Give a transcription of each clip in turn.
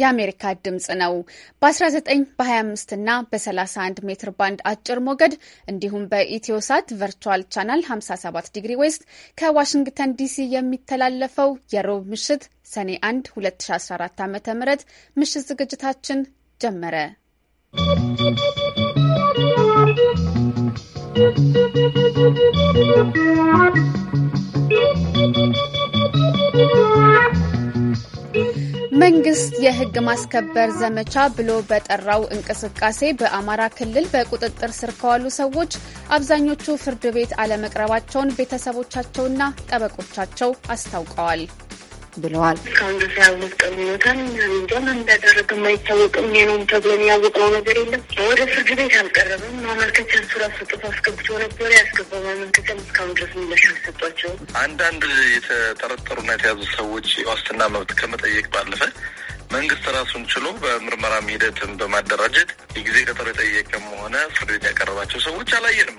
የአሜሪካ ድምፅ ነው። በ19 በ25 እና በ31 ሜትር ባንድ አጭር ሞገድ እንዲሁም በኢትዮሳት ቨርቹዋል ቻናል 57 ዲግሪ ዌስት ከዋሽንግተን ዲሲ የሚተላለፈው የሮብ ምሽት ሰኔ 1 2014 ዓ ም ምሽት ዝግጅታችን ጀመረ። ¶¶ መንግስት የህግ ማስከበር ዘመቻ ብሎ በጠራው እንቅስቃሴ በአማራ ክልል በቁጥጥር ስር ከዋሉ ሰዎች አብዛኞቹ ፍርድ ቤት አለመቅረባቸውን ቤተሰቦቻቸውና ጠበቆቻቸው አስታውቀዋል። ብለዋል። እስካሁን ድረስ የያዙት አይታወቅም። ተብሎ የሚያወቀው ነገር የለም። ወደ ፍርድ ቤት አልቀረበም። ማመልከቻ እሱ ራሱ አስገብቶ ነበር። ማመልከቻም እስካሁን ድረስ ምላሽ አልሰጧቸውም። አንዳንድ የተጠረጠሩና የተያዙ ሰዎች የዋስትና መብት ከመጠየቅ ባለፈ መንግስት ራሱን ችሎ በምርመራም ሂደትም በማደራጀት የጊዜ ቀጠሮ የጠየቀም ሆነ ፍርድ ቤት ያቀረባቸው ሰዎች አላየንም።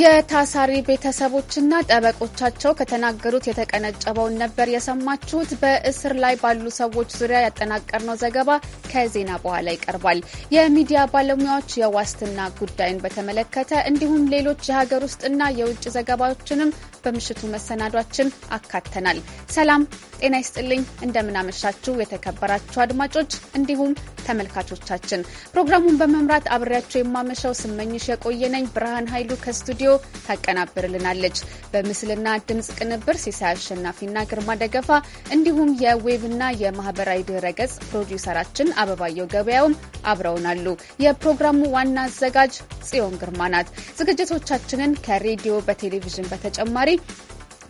የታሳሪ ቤተሰቦችና ጠበቆቻቸው ከተናገሩት የተቀነጨበውን ነበር የሰማችሁት። በእስር ላይ ባሉ ሰዎች ዙሪያ ያጠናቀርነው ዘገባ ከዜና በኋላ ይቀርባል። የሚዲያ ባለሙያዎች የዋስትና ጉዳይን በተመለከተ እንዲሁም ሌሎች የሀገር ውስጥና የውጭ ዘገባዎችንም በምሽቱ መሰናዷችን አካተናል። ሰላም ጤና ይስጥልኝ። እንደምናመሻችሁ የተከበራችሁ አድማጮች እንዲሁም ተመልካቾቻችን። ፕሮግራሙን በመምራት አብሬያቸው የማመሻው ስመኝሽ የቆየነኝ። ብርሃን ኃይሉ ከስቱዲዮ ታቀናብርልናለች። በምስልና ድምፅ ቅንብር ሲሳይ አሸናፊና ግርማ ደገፋ እንዲሁም የዌብና የማህበራዊ ድረገጽ ፕሮዲውሰራችን አበባየው ገበያውም አብረውናሉ። የፕሮግራሙ ዋና አዘጋጅ ጽዮን ግርማ ናት። ዝግጅቶቻችንን ከሬዲዮ በቴሌቪዥን በተጨማሪ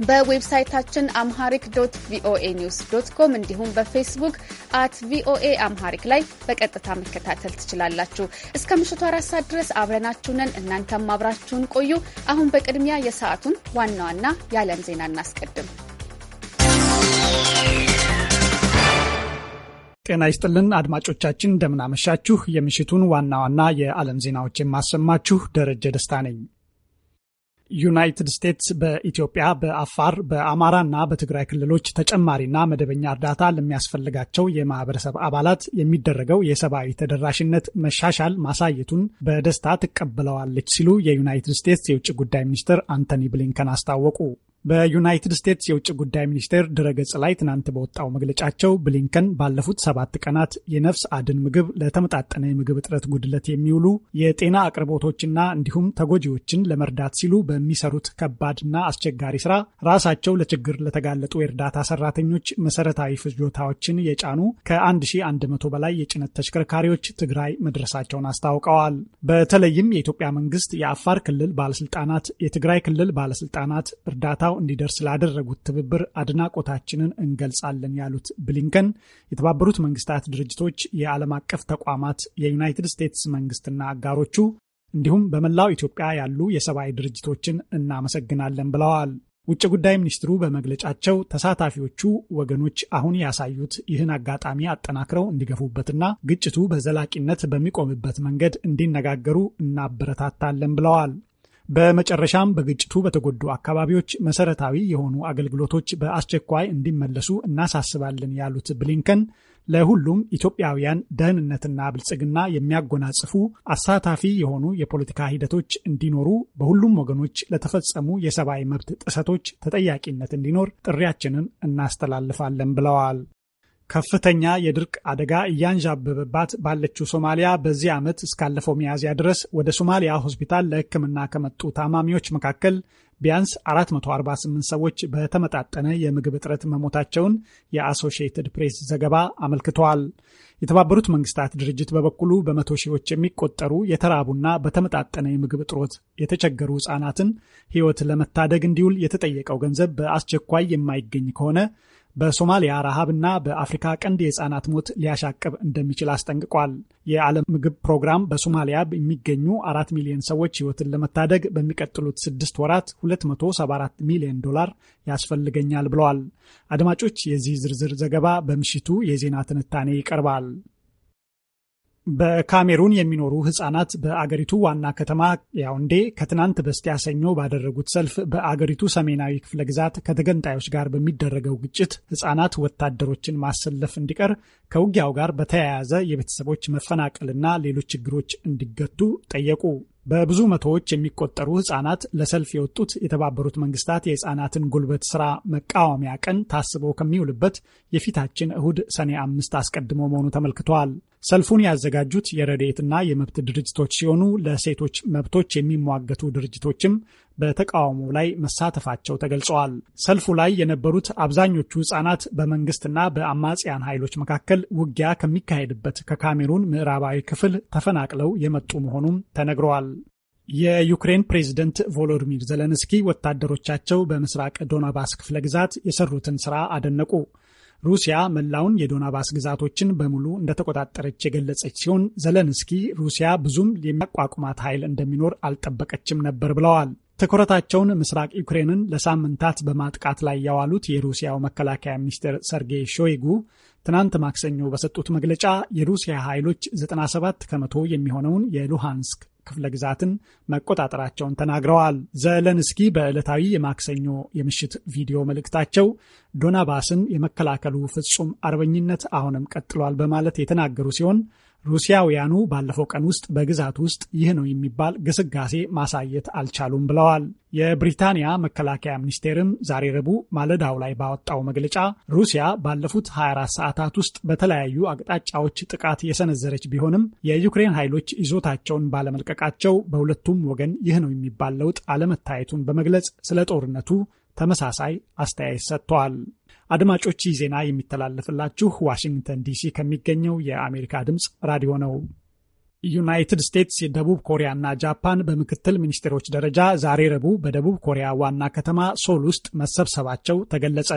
በዌብሳይታችን አምሃሪክ ዶት ቪኦኤ ኒውስ ዶት ኮም እንዲሁም በፌስቡክ አት ቪኦኤ አምሃሪክ ላይ በቀጥታ መከታተል ትችላላችሁ። እስከ ምሽቱ አራት ሰዓት ድረስ አብረናችሁንን እናንተም አብራችሁን ቆዩ። አሁን በቅድሚያ የሰዓቱን ዋና ዋና የዓለም ዜና እናስቀድም። ጤና ይስጥልን አድማጮቻችን፣ እንደምናመሻችሁ። የምሽቱን ዋና ዋና የዓለም ዜናዎች የማሰማችሁ ደረጀ ደስታ ነኝ። ዩናይትድ ስቴትስ በኢትዮጵያ በአፋር በአማራና በትግራይ ክልሎች ተጨማሪና መደበኛ እርዳታ ለሚያስፈልጋቸው የማህበረሰብ አባላት የሚደረገው የሰብአዊ ተደራሽነት መሻሻል ማሳየቱን በደስታ ትቀበለዋለች ሲሉ የዩናይትድ ስቴትስ የውጭ ጉዳይ ሚኒስትር አንቶኒ ብሊንከን አስታወቁ። በዩናይትድ ስቴትስ የውጭ ጉዳይ ሚኒስቴር ድረገጽ ላይ ትናንት በወጣው መግለጫቸው ብሊንከን ባለፉት ሰባት ቀናት የነፍስ አድን ምግብ፣ ለተመጣጠነ የምግብ እጥረት ጉድለት የሚውሉ የጤና አቅርቦቶችና እንዲሁም ተጎጂዎችን ለመርዳት ሲሉ በሚሰሩት ከባድና አስቸጋሪ ስራ ራሳቸው ለችግር ለተጋለጡ የእርዳታ ሰራተኞች መሰረታዊ ፍጆታዎችን የጫኑ ከ1100 በላይ የጭነት ተሽከርካሪዎች ትግራይ መድረሳቸውን አስታውቀዋል። በተለይም የኢትዮጵያ መንግስት፣ የአፋር ክልል ባለስልጣናት፣ የትግራይ ክልል ባለስልጣናት እርዳታ እንዲደርስ ላደረጉት ትብብር አድናቆታችንን እንገልጻለን ያሉት ብሊንከን የተባበሩት መንግስታት ድርጅቶች፣ የዓለም አቀፍ ተቋማት፣ የዩናይትድ ስቴትስ መንግስትና አጋሮቹ እንዲሁም በመላው ኢትዮጵያ ያሉ የሰብአዊ ድርጅቶችን እናመሰግናለን ብለዋል። ውጭ ጉዳይ ሚኒስትሩ በመግለጫቸው ተሳታፊዎቹ ወገኖች አሁን ያሳዩት ይህን አጋጣሚ አጠናክረው እንዲገፉበትና ግጭቱ በዘላቂነት በሚቆምበት መንገድ እንዲነጋገሩ እናበረታታለን ብለዋል። በመጨረሻም በግጭቱ በተጎዱ አካባቢዎች መሰረታዊ የሆኑ አገልግሎቶች በአስቸኳይ እንዲመለሱ እናሳስባለን ያሉት ብሊንከን ለሁሉም ኢትዮጵያውያን ደህንነትና ብልጽግና የሚያጎናጽፉ አሳታፊ የሆኑ የፖለቲካ ሂደቶች እንዲኖሩ፣ በሁሉም ወገኖች ለተፈጸሙ የሰብአዊ መብት ጥሰቶች ተጠያቂነት እንዲኖር ጥሪያችንን እናስተላልፋለን ብለዋል። ከፍተኛ የድርቅ አደጋ እያንዣበበባት ባለችው ሶማሊያ በዚህ ዓመት እስካለፈው ሚያዝያ ድረስ ወደ ሶማሊያ ሆስፒታል ለሕክምና ከመጡ ታማሚዎች መካከል ቢያንስ 448 ሰዎች በተመጣጠነ የምግብ እጥረት መሞታቸውን የአሶሺየትድ ፕሬስ ዘገባ አመልክተዋል። የተባበሩት መንግስታት ድርጅት በበኩሉ በመቶ ሺዎች የሚቆጠሩ የተራቡና በተመጣጠነ የምግብ እጥሮት የተቸገሩ ሕጻናትን ሕይወት ለመታደግ እንዲውል የተጠየቀው ገንዘብ በአስቸኳይ የማይገኝ ከሆነ በሶማሊያ ረሃብና በአፍሪካ ቀንድ የህፃናት ሞት ሊያሻቅብ እንደሚችል አስጠንቅቋል። የዓለም ምግብ ፕሮግራም በሶማሊያ የሚገኙ አራት ሚሊዮን ሰዎች ህይወትን ለመታደግ በሚቀጥሉት ስድስት ወራት 274 ሚሊዮን ዶላር ያስፈልገኛል ብለዋል። አድማጮች፣ የዚህ ዝርዝር ዘገባ በምሽቱ የዜና ትንታኔ ይቀርባል። በካሜሩን የሚኖሩ ህጻናት በአገሪቱ ዋና ከተማ ያውንዴ ከትናንት በስቲያ ሰኞ ባደረጉት ሰልፍ በአገሪቱ ሰሜናዊ ክፍለ ግዛት ከተገንጣዮች ጋር በሚደረገው ግጭት ህጻናት ወታደሮችን ማሰለፍ እንዲቀር ከውጊያው ጋር በተያያዘ የቤተሰቦች መፈናቀልና ሌሎች ችግሮች እንዲገቱ ጠየቁ። በብዙ መቶዎች የሚቆጠሩ ህጻናት ለሰልፍ የወጡት የተባበሩት መንግስታት የህጻናትን ጉልበት ስራ መቃወሚያ ቀን ታስቦ ከሚውልበት የፊታችን እሁድ ሰኔ አምስት አስቀድሞ መሆኑ ተመልክተዋል። ሰልፉን ያዘጋጁት የረድኤትና የመብት ድርጅቶች ሲሆኑ ለሴቶች መብቶች የሚሟገቱ ድርጅቶችም በተቃውሞ ላይ መሳተፋቸው ተገልጸዋል። ሰልፉ ላይ የነበሩት አብዛኞቹ ህጻናት በመንግስትና በአማጽያን ኃይሎች መካከል ውጊያ ከሚካሄድበት ከካሜሩን ምዕራባዊ ክፍል ተፈናቅለው የመጡ መሆኑም ተነግረዋል። የዩክሬን ፕሬዝደንት ቮሎዲሚር ዘለንስኪ ወታደሮቻቸው በምስራቅ ዶናባስ ክፍለ ግዛት የሰሩትን ስራ አደነቁ። ሩሲያ መላውን የዶናባስ ግዛቶችን በሙሉ እንደተቆጣጠረች የገለጸች ሲሆን ዘለንስኪ ሩሲያ ብዙም የሚያቋቁማት ኃይል እንደሚኖር አልጠበቀችም ነበር ብለዋል። ትኩረታቸውን ምስራቅ ዩክሬንን ለሳምንታት በማጥቃት ላይ ያዋሉት የሩሲያው መከላከያ ሚኒስትር ሰርጌይ ሾይጉ ትናንት ማክሰኞ በሰጡት መግለጫ የሩሲያ ኃይሎች 97 ከመቶ የሚሆነውን የሉሃንስክ ክፍለ ግዛትን መቆጣጠራቸውን ተናግረዋል። ዘለንስኪ በዕለታዊ የማክሰኞ የምሽት ቪዲዮ መልእክታቸው ዶናባስን የመከላከሉ ፍጹም አርበኝነት አሁንም ቀጥሏል በማለት የተናገሩ ሲሆን ሩሲያውያኑ ባለፈው ቀን ውስጥ በግዛት ውስጥ ይህ ነው የሚባል ግስጋሴ ማሳየት አልቻሉም ብለዋል። የብሪታንያ መከላከያ ሚኒስቴርም ዛሬ ረቡዕ ማለዳው ላይ ባወጣው መግለጫ ሩሲያ ባለፉት 24 ሰዓታት ውስጥ በተለያዩ አቅጣጫዎች ጥቃት የሰነዘረች ቢሆንም የዩክሬን ኃይሎች ይዞታቸውን ባለመልቀቃቸው በሁለቱም ወገን ይህ ነው የሚባል ለውጥ አለመታየቱን በመግለጽ ስለ ጦርነቱ ተመሳሳይ አስተያየት ሰጥተዋል። አድማጮች ይህ ዜና የሚተላለፍላችሁ ዋሽንግተን ዲሲ ከሚገኘው የአሜሪካ ድምፅ ራዲዮ ነው። ዩናይትድ ስቴትስ ደቡብ ኮሪያና ጃፓን በምክትል ሚኒስቴሮች ደረጃ ዛሬ ረቡዕ በደቡብ ኮሪያ ዋና ከተማ ሶል ውስጥ መሰብሰባቸው ተገለጸ።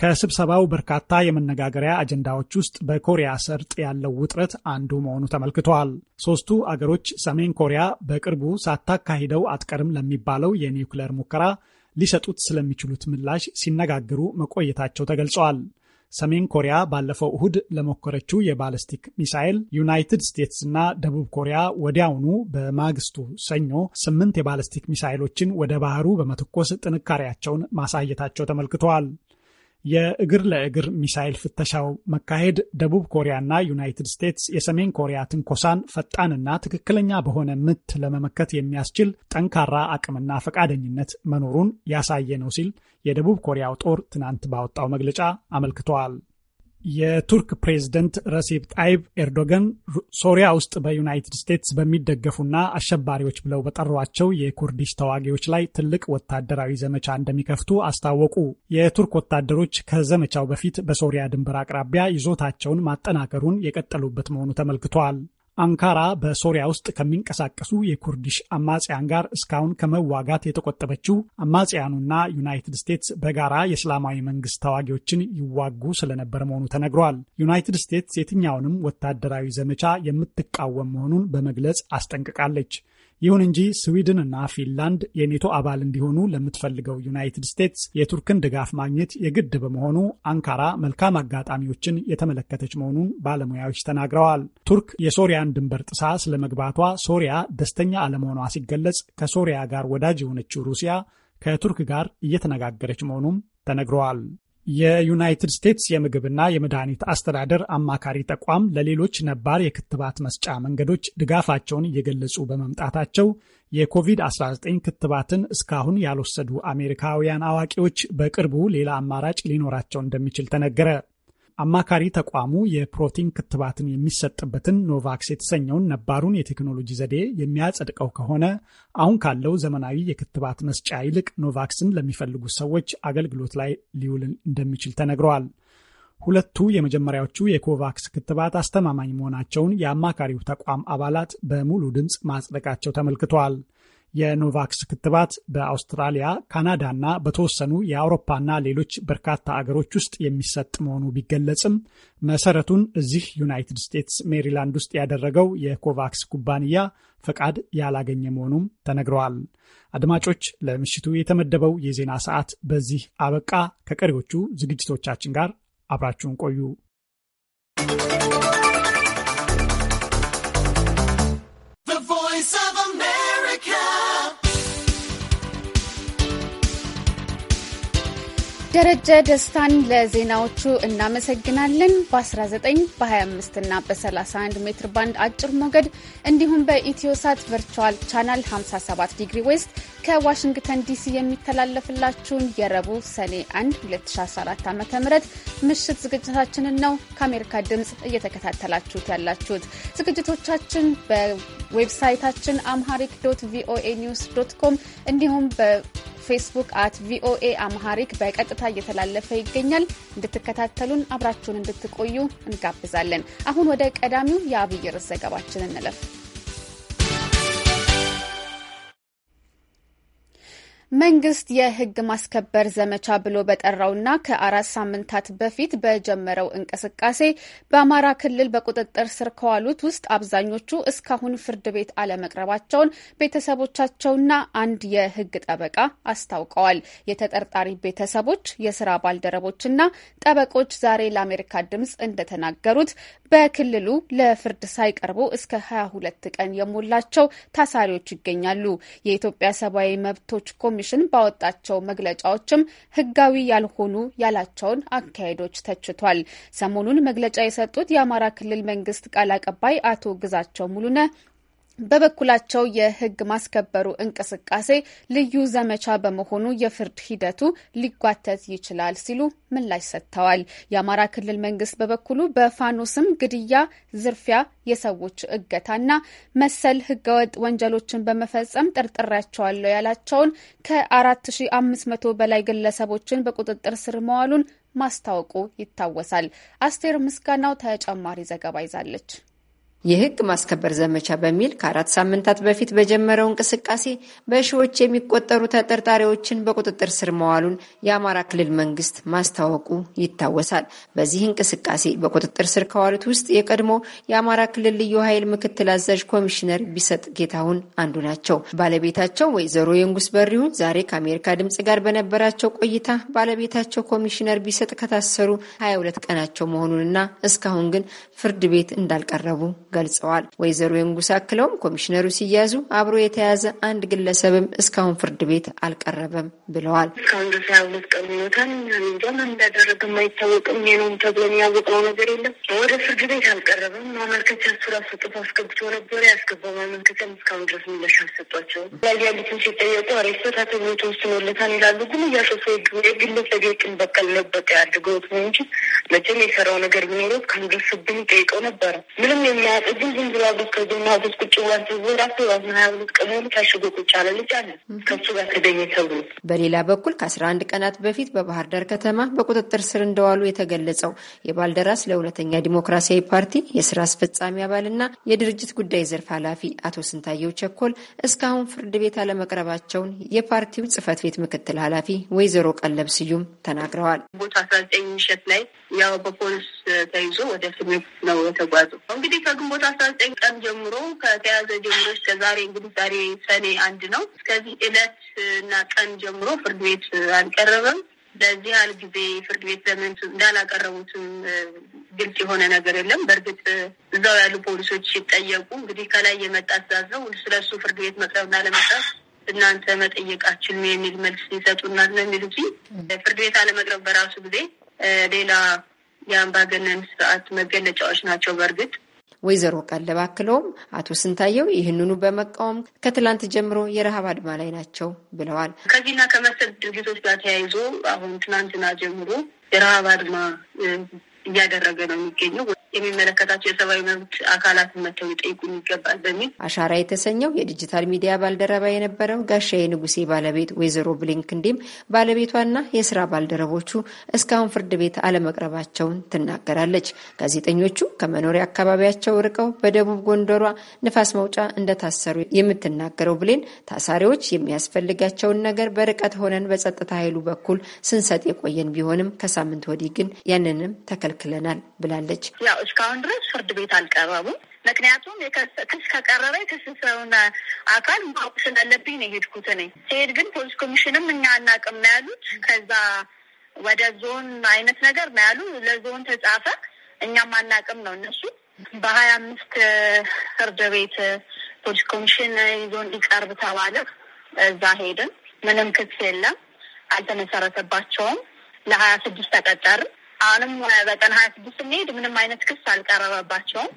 ከስብሰባው በርካታ የመነጋገሪያ አጀንዳዎች ውስጥ በኮሪያ ሰርጥ ያለው ውጥረት አንዱ መሆኑ ተመልክተዋል። ሦስቱ አገሮች ሰሜን ኮሪያ በቅርቡ ሳታካሂደው አትቀርም ለሚባለው የኒውክሌር ሙከራ ሊሰጡት ስለሚችሉት ምላሽ ሲነጋገሩ መቆየታቸው ተገልጸዋል። ሰሜን ኮሪያ ባለፈው እሁድ ለሞከረችው የባለስቲክ ሚሳይል ዩናይትድ ስቴትስ እና ደቡብ ኮሪያ ወዲያውኑ በማግስቱ ሰኞ ስምንት የባለስቲክ ሚሳይሎችን ወደ ባህሩ በመተኮስ ጥንካሬያቸውን ማሳየታቸው ተመልክተዋል። የእግር ለእግር ሚሳይል ፍተሻው መካሄድ ደቡብ ኮሪያና ዩናይትድ ስቴትስ የሰሜን ኮሪያ ትንኮሳን ፈጣንና ትክክለኛ በሆነ ምት ለመመከት የሚያስችል ጠንካራ አቅምና ፈቃደኝነት መኖሩን ያሳየ ነው ሲል የደቡብ ኮሪያው ጦር ትናንት ባወጣው መግለጫ አመልክተዋል። የቱርክ ፕሬዝደንት ረሲፕ ጣይብ ኤርዶገን ሶሪያ ውስጥ በዩናይትድ ስቴትስ በሚደገፉና አሸባሪዎች ብለው በጠሯቸው የኩርዲሽ ተዋጊዎች ላይ ትልቅ ወታደራዊ ዘመቻ እንደሚከፍቱ አስታወቁ። የቱርክ ወታደሮች ከዘመቻው በፊት በሶሪያ ድንበር አቅራቢያ ይዞታቸውን ማጠናከሩን የቀጠሉበት መሆኑ ተመልክቷል። አንካራ በሶሪያ ውስጥ ከሚንቀሳቀሱ የኩርዲሽ አማጽያን ጋር እስካሁን ከመዋጋት የተቆጠበችው አማጽያኑና ዩናይትድ ስቴትስ በጋራ የእስላማዊ መንግስት ተዋጊዎችን ይዋጉ ስለነበር መሆኑ ተነግሯል። ዩናይትድ ስቴትስ የትኛውንም ወታደራዊ ዘመቻ የምትቃወም መሆኑን በመግለጽ አስጠንቅቃለች። ይሁን እንጂ ስዊድን እና ፊንላንድ የኔቶ አባል እንዲሆኑ ለምትፈልገው ዩናይትድ ስቴትስ የቱርክን ድጋፍ ማግኘት የግድ በመሆኑ አንካራ መልካም አጋጣሚዎችን የተመለከተች መሆኑን ባለሙያዎች ተናግረዋል። ቱርክ የሶሪያን ድንበር ጥሳ ስለመግባቷ ሶሪያ ደስተኛ አለመሆኗ ሲገለጽ፣ ከሶሪያ ጋር ወዳጅ የሆነችው ሩሲያ ከቱርክ ጋር እየተነጋገረች መሆኑም ተነግረዋል። የዩናይትድ ስቴትስ የምግብና የመድኃኒት አስተዳደር አማካሪ ተቋም ለሌሎች ነባር የክትባት መስጫ መንገዶች ድጋፋቸውን እየገለጹ በመምጣታቸው የኮቪድ-19 ክትባትን እስካሁን ያልወሰዱ አሜሪካውያን አዋቂዎች በቅርቡ ሌላ አማራጭ ሊኖራቸው እንደሚችል ተነገረ። አማካሪ ተቋሙ የፕሮቲን ክትባትን የሚሰጥበትን ኖቫክስ የተሰኘውን ነባሩን የቴክኖሎጂ ዘዴ የሚያጸድቀው ከሆነ አሁን ካለው ዘመናዊ የክትባት መስጫ ይልቅ ኖቫክስን ለሚፈልጉ ሰዎች አገልግሎት ላይ ሊውል እንደሚችል ተነግረዋል። ሁለቱ የመጀመሪያዎቹ የኮቫክስ ክትባት አስተማማኝ መሆናቸውን የአማካሪው ተቋም አባላት በሙሉ ድምፅ ማጽደቃቸው ተመልክተዋል። የኖቫክስ ክትባት በአውስትራሊያ፣ ካናዳና በተወሰኑ የአውሮፓና ሌሎች በርካታ አገሮች ውስጥ የሚሰጥ መሆኑ ቢገለጽም መሰረቱን እዚህ ዩናይትድ ስቴትስ ሜሪላንድ ውስጥ ያደረገው የኮቫክስ ኩባንያ ፈቃድ ያላገኘ መሆኑም ተነግረዋል። አድማጮች፣ ለምሽቱ የተመደበው የዜና ሰዓት በዚህ አበቃ። ከቀሪዎቹ ዝግጅቶቻችን ጋር አብራችሁን ቆዩ። ደረጀ ደስታን ለዜናዎቹ እናመሰግናለን። በ19 በ25 እና በ31 ሜትር ባንድ አጭር ሞገድ እንዲሁም በኢትዮሳት ቨርቹዋል ቻናል 57 ዲግሪ ዌስት ከዋሽንግተን ዲሲ የሚተላለፍላችሁን የረቡዕ ሰኔ 1 2014 ዓ ም ምሽት ዝግጅታችንን ነው ከአሜሪካ ድምፅ እየተከታተላችሁት ያላችሁት። ዝግጅቶቻችን በዌብሳይታችን አምሃሪክ ዶት ቪኦኤ ኒውስ ዶት ኮም እንዲሁም በ ፌስቡክ አት ቪኦኤ አምሃሪክ በቀጥታ እየተላለፈ ይገኛል። እንድትከታተሉን አብራችሁን እንድትቆዩ እንጋብዛለን። አሁን ወደ ቀዳሚው የአብይ ርዕስ ዘገባችን እንለፍ። መንግስት የህግ ማስከበር ዘመቻ ብሎ በጠራውና ከአራት ሳምንታት በፊት በጀመረው እንቅስቃሴ በአማራ ክልል በቁጥጥር ስር ከዋሉት ውስጥ አብዛኞቹ እስካሁን ፍርድ ቤት አለመቅረባቸውን ቤተሰቦቻቸውና አንድ የህግ ጠበቃ አስታውቀዋል። የተጠርጣሪ ቤተሰቦች፣ የስራ ባልደረቦችና ጠበቆች ዛሬ ለአሜሪካ ድምጽ እንደተናገሩት በክልሉ ለፍርድ ሳይቀርቡ እስከ 22 ቀን የሞላቸው ታሳሪዎች ይገኛሉ። የኢትዮጵያ ሰብአዊ መብቶች ኮሚ ኮሚሽን ባወጣቸው መግለጫዎችም ህጋዊ ያልሆኑ ያላቸውን አካሄዶች ተችቷል። ሰሞኑን መግለጫ የሰጡት የአማራ ክልል መንግስት ቃል አቀባይ አቶ ግዛቸው ሙሉነ በበኩላቸው የህግ ማስከበሩ እንቅስቃሴ ልዩ ዘመቻ በመሆኑ የፍርድ ሂደቱ ሊጓተት ይችላል ሲሉ ምላሽ ሰጥተዋል። የአማራ ክልል መንግስት በበኩሉ በፋኖ ስም ግድያ፣ ዝርፊያ፣ የሰዎች እገታና መሰል ህገወጥ ወንጀሎችን በመፈጸም ጠርጥሬያቸዋለሁ ያላቸውን ከ4500 በላይ ግለሰቦችን በቁጥጥር ስር መዋሉን ማስታወቁ ይታወሳል። አስቴር ምስጋናው ተጨማሪ ዘገባ ይዛለች። የህግ ማስከበር ዘመቻ በሚል ከአራት ሳምንታት በፊት በጀመረው እንቅስቃሴ በሺዎች የሚቆጠሩ ተጠርጣሪዎችን በቁጥጥር ስር መዋሉን የአማራ ክልል መንግስት ማስታወቁ ይታወሳል። በዚህ እንቅስቃሴ በቁጥጥር ስር ከዋሉት ውስጥ የቀድሞ የአማራ ክልል ልዩ ኃይል ምክትል አዛዥ ኮሚሽነር ቢሰጥ ጌታሁን አንዱ ናቸው። ባለቤታቸው ወይዘሮ የንጉስ በሪሁን ዛሬ ከአሜሪካ ድምጽ ጋር በነበራቸው ቆይታ ባለቤታቸው ኮሚሽነር ቢሰጥ ከታሰሩ 22 ቀናቸው መሆኑንና እስካሁን ግን ፍርድ ቤት እንዳልቀረቡ ገልጸዋል። ወይዘሮ የንጉስ አክለውም ኮሚሽነሩ ሲያዙ አብሮ የተያዘ አንድ ግለሰብም እስካሁን ፍርድ ቤት አልቀረበም ብለዋል። እስካሁን ድረስ ያሉት ቀሙታን እንጃ ምን እንዳደረገም አይታወቅም። ይሄ ነው ተብሎ ያወቅነው ነገር የለም። ወደ ፍርድ ቤት አልቀረበም። ማመልከቻ እሱ ራሱ ጽፎ አስገብቶ ነበር። ያስገባው ማመልከቻም እስካሁን ድረስ ምላሽ አልሰጧቸውም። ላይ ያሉትን ሲጠየቁ አሬስቶ ታተብሎ ተወስኖለታል ይላሉ። ግን እያሶሶ ግለሰብ የቅን በቀል ነበጠ ያድርገውት ነው እንጂ መቼም የሰራው ነገር ቢኖረው ከንድርስብን ጠይቀው ነበረ ምንም የሚያ እዚህ ዝም ብላ ቡት ከጎና ቡት ቁጭ ታሽጎ ቁጭ አለ ልጅ አለ ከሱ ጋር ተገኘ ተብሎ። በሌላ በኩል ከአስራ አንድ ቀናት በፊት በባህር ዳር ከተማ በቁጥጥር ስር እንደዋሉ የተገለጸው የባልደራስ ለእውነተኛ ዲሞክራሲያዊ ፓርቲ የስራ አስፈጻሚ አባልና የድርጅት ጉዳይ ዘርፍ ኃላፊ አቶ ስንታየው ቸኮል እስካሁን ፍርድ ቤት አለመቅረባቸውን የፓርቲው ጽህፈት ቤት ምክትል ኃላፊ ወይዘሮ ቀለብ ስዩም ተናግረዋል። ቦታ አስራ ዘጠኝ ምሽት ላይ ያው በፖሊስ ተይዞ ወደ ፍርድ ቤት ነው የተጓዙ እንግዲህ ከግንቦ ከግንቦት አስራ ዘጠኝ ቀን ጀምሮ ከተያዘ ጀምሮ እስከ ዛሬ እንግዲህ ዛሬ ሰኔ አንድ ነው። እስከዚህ እለት እና ቀን ጀምሮ ፍርድ ቤት አልቀረበም። በዚህ ያህል ጊዜ ፍርድ ቤት ለምን እንዳላቀረቡትም ግልጽ የሆነ ነገር የለም። በእርግጥ እዛው ያሉ ፖሊሶች ሲጠየቁ እንግዲህ ከላይ የመጣ ትዕዛዝ ነው፣ እሱ ፍርድ ቤት መቅረብና ለመቅረብ እናንተ መጠየቃችን የሚል መልስ ይሰጡናል ነው የሚሉ እንጂ ፍርድ ቤት አለመቅረብ በራሱ ጊዜ ሌላ የአምባገነን ስርዓት መገለጫዎች ናቸው። በእርግጥ ወይዘሮ ቃለብ አክለውም አቶ ስንታየው ይህንኑ በመቃወም ከትላንት ጀምሮ የረሃብ አድማ ላይ ናቸው ብለዋል። ከዚህና ከመሰል ድርጊቶች ጋር ተያይዞ አሁን ትናንትና ጀምሮ የረሃብ አድማ እያደረገ ነው የሚገኘው። የሚመለከታቸው የሰብአዊ መብት አካላት መተው ሊጠይቁን ይገባል በሚል አሻራ የተሰኘው የዲጂታል ሚዲያ ባልደረባ የነበረው ጋሻዬ ንጉሴ ባለቤት ወይዘሮ እንዲም ባለቤቷና የስራ ባልደረቦቹ እስካሁን ፍርድ ቤት አለመቅረባቸውን ትናገራለች። ጋዜጠኞቹ ከመኖሪያ አካባቢያቸው ርቀው በደቡብ ጎንደሯ ንፋስ መውጫ እንደታሰሩ የምትናገረው ብሌን ታሳሪዎች የሚያስፈልጋቸውን ነገር በርቀት ሆነን በጸጥታ ኃይሉ በኩል ስንሰጥ የቆየን ቢሆንም ከሳምንት ወዲህ ግን ያንንም ተከልክለናል ብላለች። ያው እስካሁን ድረስ ፍርድ ቤት አልቀረቡም። ምክንያቱም ክስ ከቀረበ የከሰሰውን አካል ማወቅ ስላለብኝ ነው የሄድኩት። እኔ ሲሄድ ግን ፖሊስ ኮሚሽንም እኛ አናውቅም ነው ያሉት። ከዛ ወደ ዞን አይነት ነገር ነው ያሉ። ለዞን ተጻፈ፣ እኛም አናውቅም ነው እነሱ። በሀያ አምስት ፍርድ ቤት ፖሊስ ኮሚሽን ይዞ እንዲቀርብ ተባለ። እዛ ሄድን። ምንም ክስ የለም፣ አልተመሰረተባቸውም። ለሀያ ስድስት ተቀጠርን። አሁንም በቀን ሀያ ስድስት እንሄድ ምንም አይነት ክስ አልቀረበባቸውም።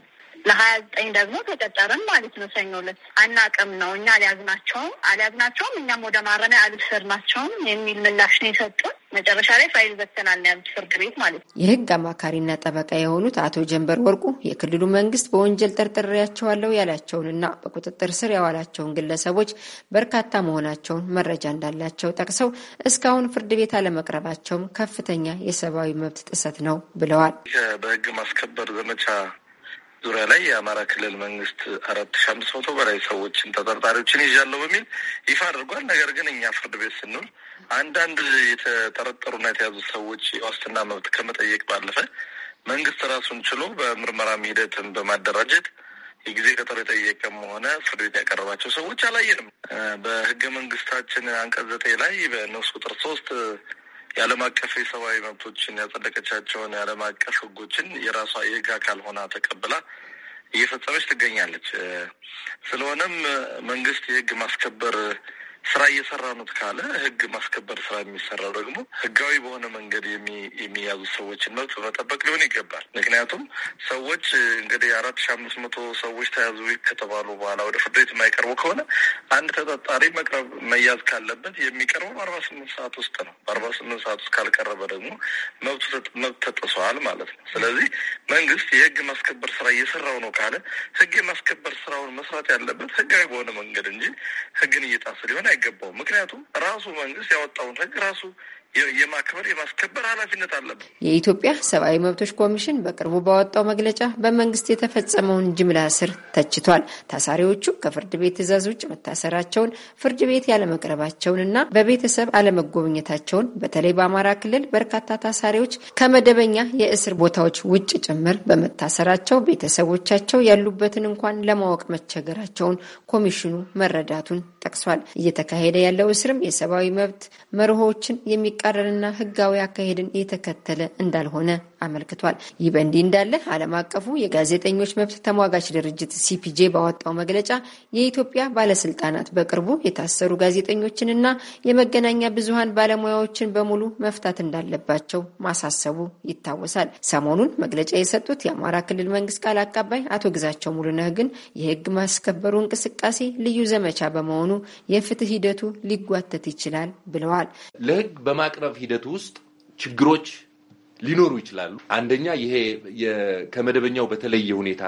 ለሀያ ዘጠኝ ደግሞ ተቀጠርን ማለት ነው። ሰኞ ዕለት አናቅም ነው እኛ አልያዝናቸውም አልያዝናቸውም እኛም ወደ ማረሚያ አልወሰድናቸውም የሚል ምላሽ ነው የሰጡን። መጨረሻ ላይ ፋይል በተናና ያሉት ፍርድ ቤት ማለት ነው። የህግ አማካሪና ጠበቃ የሆኑት አቶ ጀንበር ወርቁ የክልሉ መንግስት በወንጀል ጠርጥሬያቸዋለሁ ያላቸውንና በቁጥጥር ስር ያዋላቸውን ግለሰቦች በርካታ መሆናቸውን መረጃ እንዳላቸው ጠቅሰው እስካሁን ፍርድ ቤት አለመቅረባቸውም ከፍተኛ የሰብአዊ መብት ጥሰት ነው ብለዋል። በህግ ማስከበር ዘመቻ ዙሪያ ላይ የአማራ ክልል መንግስት አራት ሺ አምስት መቶ በላይ ሰዎችን ተጠርጣሪዎችን ይዣለሁ በሚል ይፋ አድርጓል። ነገር ግን እኛ ፍርድ ቤት ስንል አንዳንድ የተጠረጠሩና የተያዙ ሰዎች የዋስትና መብት ከመጠየቅ ባለፈ መንግስት ራሱን ችሎ በምርመራም ሂደትን በማደራጀት የጊዜ ቀጠሮ የጠየቀም ሆነ ፍርድ ቤት ያቀረባቸው ሰዎች አላየንም። በህገ መንግስታችን አንቀጽ ዘጠኝ ላይ በንዑስ ቁጥር ሶስት የዓለም አቀፍ የሰብአዊ መብቶችን ያጸደቀቻቸውን የዓለም አቀፍ ህጎችን የራሷ የሕግ አካል ሆና ተቀብላ እየፈጸመች ትገኛለች። ስለሆነም መንግስት የህግ ማስከበር ስራ እየሰራ ነው ካለ ህግ ማስከበር ስራ የሚሰራው ደግሞ ህጋዊ በሆነ መንገድ የሚያዙ ሰዎችን መብት መጠበቅ ሊሆን ይገባል። ምክንያቱም ሰዎች እንግዲህ አራት ሺ አምስት መቶ ሰዎች ተያዙ ከተባሉ በኋላ ወደ ፍርድ ቤት የማይቀርቡ ከሆነ አንድ ተጠርጣሪ መቅረብ መያዝ ካለበት የሚቀርበው በአርባ ስምንት ሰዓት ውስጥ ነው። በአርባ ስምንት ሰዓት ውስጥ ካልቀረበ ደግሞ መብቱ መብት ተጥሰዋል ማለት ነው። ስለዚህ መንግስት የህግ ማስከበር ስራ እየሰራው ነው ካለ ህግ የማስከበር ስራውን መስራት ያለበት ህጋዊ በሆነ መንገድ እንጂ ህግን እየጣሰ ሊሆን አይገባውም። ምክንያቱም ራሱ መንግስት ያወጣውን ህግ ራሱ የማክበር የማስከበር ኃላፊነት አለብን። የኢትዮጵያ ሰብአዊ መብቶች ኮሚሽን በቅርቡ ባወጣው መግለጫ በመንግስት የተፈጸመውን ጅምላ እስር ተችቷል። ታሳሪዎቹ ከፍርድ ቤት ትዕዛዝ ውጭ መታሰራቸውን፣ ፍርድ ቤት ያለመቅረባቸውንና በቤተሰብ አለመጎብኘታቸውን በተለይ በአማራ ክልል በርካታ ታሳሪዎች ከመደበኛ የእስር ቦታዎች ውጭ ጭምር በመታሰራቸው ቤተሰቦቻቸው ያሉበትን እንኳን ለማወቅ መቸገራቸውን ኮሚሽኑ መረዳቱን ጠቅሷል። እየተካሄደ ያለው እስርም የሰብአዊ መብት መርሆችን የሚቀ የሚቃረንና ህጋዊ አካሄድን የተከተለ እንዳልሆነ አመልክቷል። ይህ በእንዲህ እንዳለ ዓለም አቀፉ የጋዜጠኞች መብት ተሟጋች ድርጅት ሲፒጄ ባወጣው መግለጫ የኢትዮጵያ ባለስልጣናት በቅርቡ የታሰሩ ጋዜጠኞችንና የመገናኛ ብዙሀን ባለሙያዎችን በሙሉ መፍታት እንዳለባቸው ማሳሰቡ ይታወሳል። ሰሞኑን መግለጫ የሰጡት የአማራ ክልል መንግስት ቃል አቀባይ አቶ ግዛቸው ሙሉነህ ግን የህግ ማስከበሩ እንቅስቃሴ ልዩ ዘመቻ በመሆኑ የፍትህ ሂደቱ ሊጓተት ይችላል ብለዋል። ለህግ በማቅ በማቅረብ ሂደት ውስጥ ችግሮች ሊኖሩ ይችላሉ። አንደኛ ይሄ ከመደበኛው በተለየ ሁኔታ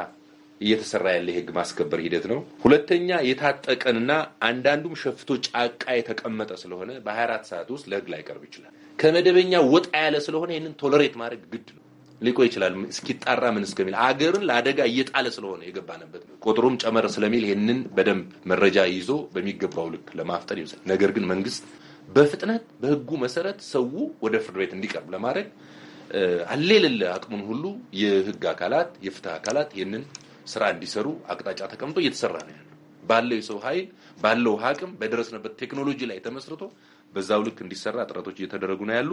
እየተሰራ ያለ የህግ ማስከበር ሂደት ነው። ሁለተኛ የታጠቀንና አንዳንዱም ሸፍቶ ጫቃ የተቀመጠ ስለሆነ በ24 ሰዓት ውስጥ ለህግ ላይቀርብ ይችላል። ከመደበኛ ወጣ ያለ ስለሆነ ይህንን ቶለሬት ማድረግ ግድ ነው። ሊቆይ ይችላል እስኪጣራ ምን እስከሚል አገርን ለአደጋ እየጣለ ስለሆነ የገባንበት ቁጥሩም ጨመር ስለሚል ይህንን በደንብ መረጃ ይዞ በሚገባው ልክ ለማፍጠር ይመስላል። ነገር ግን መንግስት በፍጥነት በህጉ መሰረት ሰው ወደ ፍርድ ቤት እንዲቀርብ ለማድረግ አሌልለ አቅሙን ሁሉ የህግ አካላት የፍትህ አካላት ይህንን ስራ እንዲሰሩ አቅጣጫ ተቀምጦ እየተሰራ ነው ያለው። ባለው የሰው ኃይል ባለው አቅም በደረስንበት ቴክኖሎጂ ላይ ተመስርቶ በዛው ልክ እንዲሰራ ጥረቶች እየተደረጉ ነው ያሉ።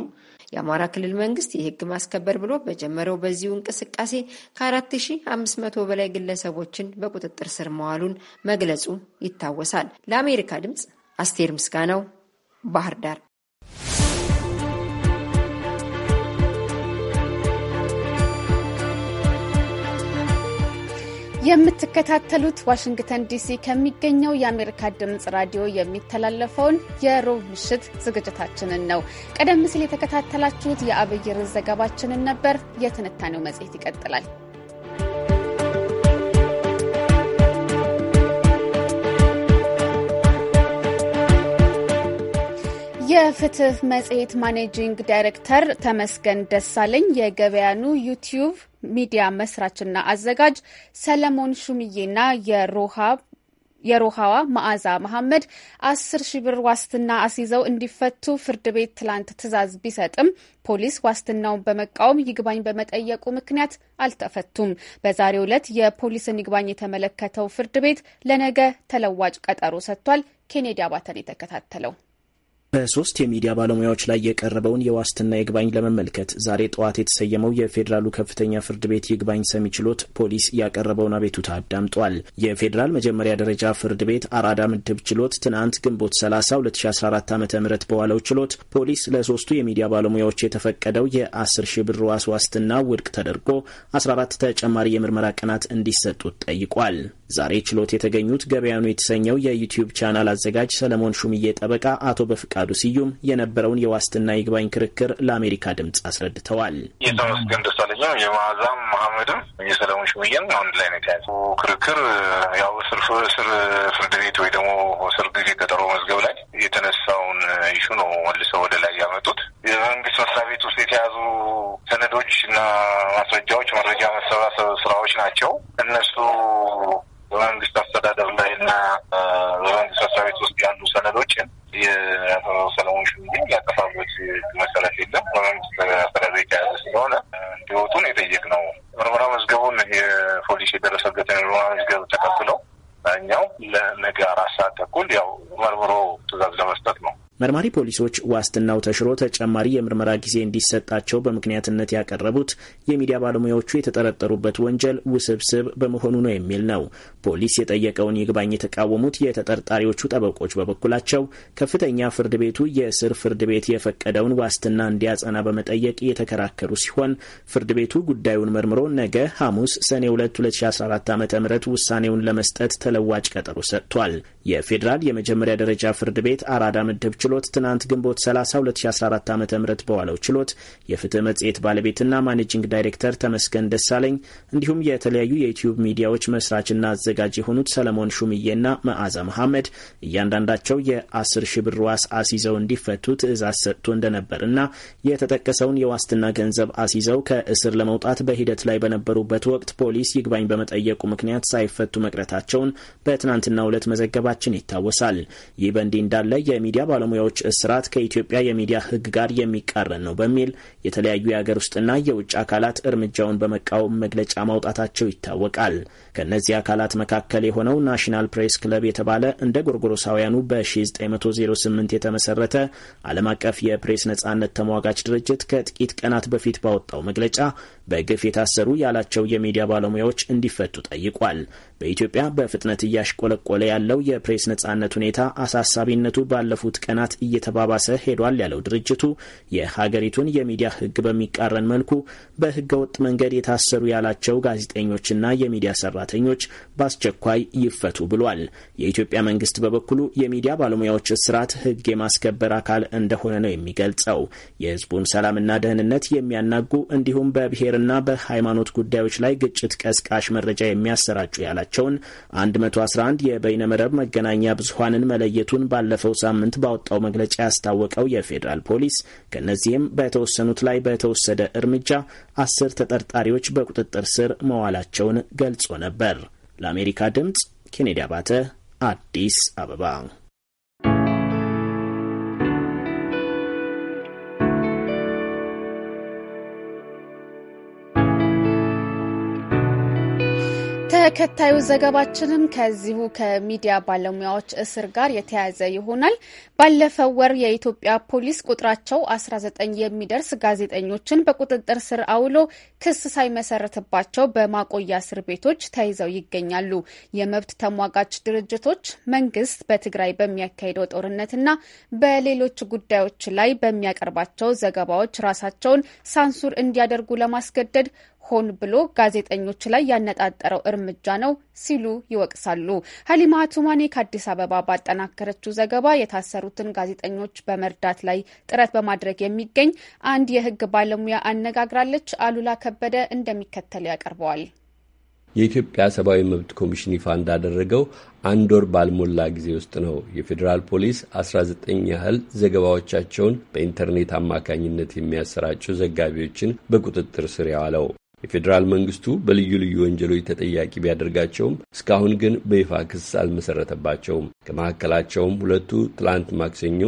የአማራ ክልል መንግስት የህግ ማስከበር ብሎ በጀመረው በዚሁ እንቅስቃሴ ከ4500 በላይ ግለሰቦችን በቁጥጥር ስር መዋሉን መግለጹ ይታወሳል። ለአሜሪካ ድምጽ አስቴር ምስጋናው ባህር ዳር የምትከታተሉት ዋሽንግተን ዲሲ ከሚገኘው የአሜሪካ ድምፅ ራዲዮ የሚተላለፈውን የሮብ ምሽት ዝግጅታችንን ነው። ቀደም ሲል የተከታተላችሁት የአብይር ዘገባችንን ነበር። የትንታኔው መጽሔት ይቀጥላል። የፍትህ መጽሔት ማኔጂንግ ዳይሬክተር ተመስገን ደሳለኝ የገበያኑ ዩቲዩብ ሚዲያ መስራችና አዘጋጅ ሰለሞን ሹምዬና የሮሃ የሮሃዋ መዓዛ መሐመድ አስር ሺ ብር ዋስትና አስይዘው እንዲፈቱ ፍርድ ቤት ትላንት ትዕዛዝ ቢሰጥም ፖሊስ ዋስትናውን በመቃወም ይግባኝ በመጠየቁ ምክንያት አልተፈቱም። በዛሬው ዕለት የፖሊስን ይግባኝ የተመለከተው ፍርድ ቤት ለነገ ተለዋጭ ቀጠሮ ሰጥቷል። ኬኔዲ አባተን የተከታተለው በሶስት የሚዲያ ባለሙያዎች ላይ የቀረበውን የዋስትና ይግባኝ ለመመልከት ዛሬ ጠዋት የተሰየመው የፌዴራሉ ከፍተኛ ፍርድ ቤት ይግባኝ ሰሚ ችሎት ፖሊስ ያቀረበውን አቤቱታ አዳምጧል። የፌዴራል መጀመሪያ ደረጃ ፍርድ ቤት አራዳ ምድብ ችሎት ትናንት ግንቦት 30 2014 ዓ ም በዋለው ችሎት ፖሊስ ለሶስቱ የሚዲያ ባለሙያዎች የተፈቀደው የ10 ሺ ብር ዋስ ዋስትና ውድቅ ተደርጎ 14 ተጨማሪ የምርመራ ቀናት እንዲሰጡት ጠይቋል። ዛሬ ችሎት የተገኙት ገበያኑ የተሰኘው የዩቲዩብ ቻናል አዘጋጅ ሰለሞን ሹምዬ ጠበቃ አቶ በፍቅ ፈቃዱ ስዩም የነበረውን የዋስትና ይግባኝ ክርክር ለአሜሪካ ድምፅ አስረድተዋል። የሰው የመዓዛም መሐመድም የሰለሞን አንድ ላይ ክርክር ያው ስር ፍርድ ቤት ወይ ደግሞ ስር ጊዜ ቀጠሮ መዝገብ ላይ የተነሳውን ይሹ ነው ተጨማሪ ፖሊሶች ዋስትናው ተሽሮ ተጨማሪ የምርመራ ጊዜ እንዲሰጣቸው በምክንያትነት ያቀረቡት የሚዲያ ባለሙያዎቹ የተጠረጠሩበት ወንጀል ውስብስብ በመሆኑ ነው የሚል ነው። ፖሊስ የጠየቀውን ይግባኝ የተቃወሙት የተጠርጣሪዎቹ ጠበቆች በበኩላቸው ከፍተኛ ፍርድ ቤቱ የስር ፍርድ ቤት የፈቀደውን ዋስትና እንዲያጸና በመጠየቅ የተከራከሩ ሲሆን ፍርድ ቤቱ ጉዳዩን መርምሮ ነገ ሐሙስ ሰኔ 2 2014 ዓ ም ውሳኔውን ለመስጠት ተለዋጭ ቀጠሮ ሰጥቷል። የፌዴራል የመጀመሪያ ደረጃ ፍርድ ቤት አራዳ ምድብ ችሎት ችሎት ትናንት ግንቦት 30 2014 ዓ ም በዋለው ችሎት የፍትህ መጽሔት ባለቤትና ማኔጂንግ ዳይሬክተር ተመስገን ደሳለኝ እንዲሁም የተለያዩ የዩትዩብ ሚዲያዎች መስራችና አዘጋጅ የሆኑት ሰለሞን ሹምዬና መዓዛ መሐመድ እያንዳንዳቸው የ10 ሺ ብር ዋስ አስይዘው እንዲፈቱ ትእዛዝ ሰጥቶ እንደነበርና የተጠቀሰውን የዋስትና ገንዘብ አስይዘው ከእስር ለመውጣት በሂደት ላይ በነበሩበት ወቅት ፖሊስ ይግባኝ በመጠየቁ ምክንያት ሳይፈቱ መቅረታቸውን በትናንትናው ዕለት መዘገባችን ይታወሳል። ይህ በእንዲህ እንዳለ የሚዲያ ባለሙያዎች እስረኞች እስራት ከኢትዮጵያ የሚዲያ ሕግ ጋር የሚቃረን ነው በሚል የተለያዩ የአገር ውስጥና የውጭ አካላት እርምጃውን በመቃወም መግለጫ ማውጣታቸው ይታወቃል። ከእነዚህ አካላት መካከል የሆነው ናሽናል ፕሬስ ክለብ የተባለ እንደ ጎርጎሮሳውያኑ በ1908 የተመሰረተ ዓለም አቀፍ የፕሬስ ነጻነት ተሟጋች ድርጅት ከጥቂት ቀናት በፊት ባወጣው መግለጫ በግፍ የታሰሩ ያላቸው የሚዲያ ባለሙያዎች እንዲፈቱ ጠይቋል። በኢትዮጵያ በፍጥነት እያሽቆለቆለ ያለው የፕሬስ ነጻነት ሁኔታ አሳሳቢነቱ ባለፉት ቀናት እየተባባሰ ሄዷል ያለው ድርጅቱ የሀገሪቱን የሚዲያ ህግ በሚቃረን መልኩ በህገ ወጥ መንገድ የታሰሩ ያላቸው ጋዜጠኞችና የሚዲያ ሰራተኞች በአስቸኳይ ይፈቱ ብሏል። የኢትዮጵያ መንግስት በበኩሉ የሚዲያ ባለሙያዎች እስራት ህግ የማስከበር አካል እንደሆነ ነው የሚገልጸው። የህዝቡን ሰላምና ደህንነት የሚያናጉ እንዲሁም በብሔርና በሃይማኖት ጉዳዮች ላይ ግጭት ቀስቃሽ መረጃ የሚያሰራጩ ያላቸውን 111 የበይነመረብ መገናኛ ብዙሀንን መለየቱን ባለፈው ሳምንት ባወጣው መግለጫ ያስታወቀው የፌዴራል ፖሊስ ከእነዚህም በተወሰኑት ላይ በተወሰደ እርምጃ አስር ተጠርጣሪዎች በቁጥጥር ስር መዋላቸውን ገልጾ ነበር። ለአሜሪካ ድምፅ ኬኔዲ አባተ አዲስ አበባ ተከታዩ ዘገባችንም ከዚሁ ከሚዲያ ባለሙያዎች እስር ጋር የተያያዘ ይሆናል። ባለፈው ወር የኢትዮጵያ ፖሊስ ቁጥራቸው 19 የሚደርስ ጋዜጠኞችን በቁጥጥር ስር አውሎ ክስ ሳይመሰረትባቸው በማቆያ እስር ቤቶች ተይዘው ይገኛሉ። የመብት ተሟጋች ድርጅቶች መንግስት በትግራይ በሚያካሄደው ጦርነትና በሌሎች ጉዳዮች ላይ በሚያቀርባቸው ዘገባዎች ራሳቸውን ሳንሱር እንዲያደርጉ ለማስገደድ ሆን ብሎ ጋዜጠኞች ላይ ያነጣጠረው እርምጃ ነው ሲሉ ይወቅሳሉ። ሀሊማ ቱማኔ ከአዲስ አበባ ባጠናከረችው ዘገባ የታሰሩትን ጋዜጠኞች በመርዳት ላይ ጥረት በማድረግ የሚገኝ አንድ የሕግ ባለሙያ አነጋግራለች። አሉላ ከበደ እንደሚከተል ያቀርበዋል። የኢትዮጵያ ሰብአዊ መብት ኮሚሽን ይፋ እንዳደረገው አንድ ወር ባልሞላ ጊዜ ውስጥ ነው የፌዴራል ፖሊስ 19 ያህል ዘገባዎቻቸውን በኢንተርኔት አማካኝነት የሚያሰራጩ ዘጋቢዎችን በቁጥጥር ስር ያዋለው። የፌዴራል መንግስቱ በልዩ ልዩ ወንጀሎች ተጠያቂ ቢያደርጋቸውም እስካሁን ግን በይፋ ክስ አልመሰረተባቸውም። ከመካከላቸውም ሁለቱ ትላንት ማክሰኞ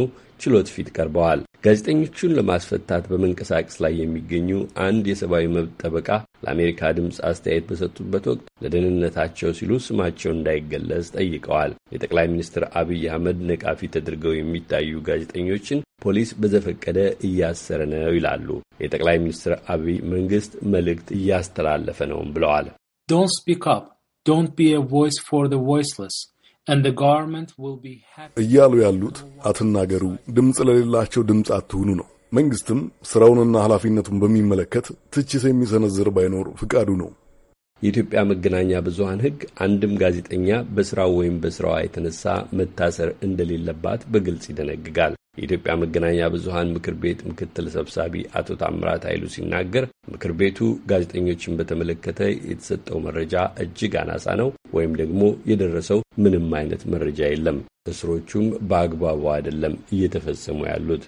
ችሎት ፊት ቀርበዋል። ጋዜጠኞቹን ለማስፈታት በመንቀሳቀስ ላይ የሚገኙ አንድ የሰብአዊ መብት ጠበቃ ለአሜሪካ ድምፅ አስተያየት በሰጡበት ወቅት ለደህንነታቸው ሲሉ ስማቸው እንዳይገለጽ ጠይቀዋል። የጠቅላይ ሚኒስትር አብይ አህመድ ነቃፊ ተደርገው የሚታዩ ጋዜጠኞችን ፖሊስ በዘፈቀደ እያሰረ ነው ይላሉ። የጠቅላይ ሚኒስትር አብይ መንግስት መልእክት እያስተላለፈ ነውም ብለዋል። ዶንት ስፒክ አፕ ዶንት ቢ ኤ ቮይስ ፎር ዘ ቮይስለስ እያሉ ያሉት አትናገሩ፣ ድምፅ ለሌላቸው ድምፅ አትሁኑ ነው። መንግስትም ስራውንና ኃላፊነቱን በሚመለከት ትችት የሚሰነዝር ባይኖር ፍቃዱ ነው። የኢትዮጵያ መገናኛ ብዙሃን ሕግ አንድም ጋዜጠኛ በስራው ወይም በስራዋ የተነሳ መታሰር እንደሌለባት በግልጽ ይደነግጋል። የኢትዮጵያ መገናኛ ብዙሀን ምክር ቤት ምክትል ሰብሳቢ አቶ ታምራት ኃይሉ ሲናገር ምክር ቤቱ ጋዜጠኞችን በተመለከተ የተሰጠው መረጃ እጅግ አናሳ ነው ወይም ደግሞ የደረሰው ምንም አይነት መረጃ የለም፣ እስሮቹም በአግባቡ አይደለም እየተፈጸሙ ያሉት uh,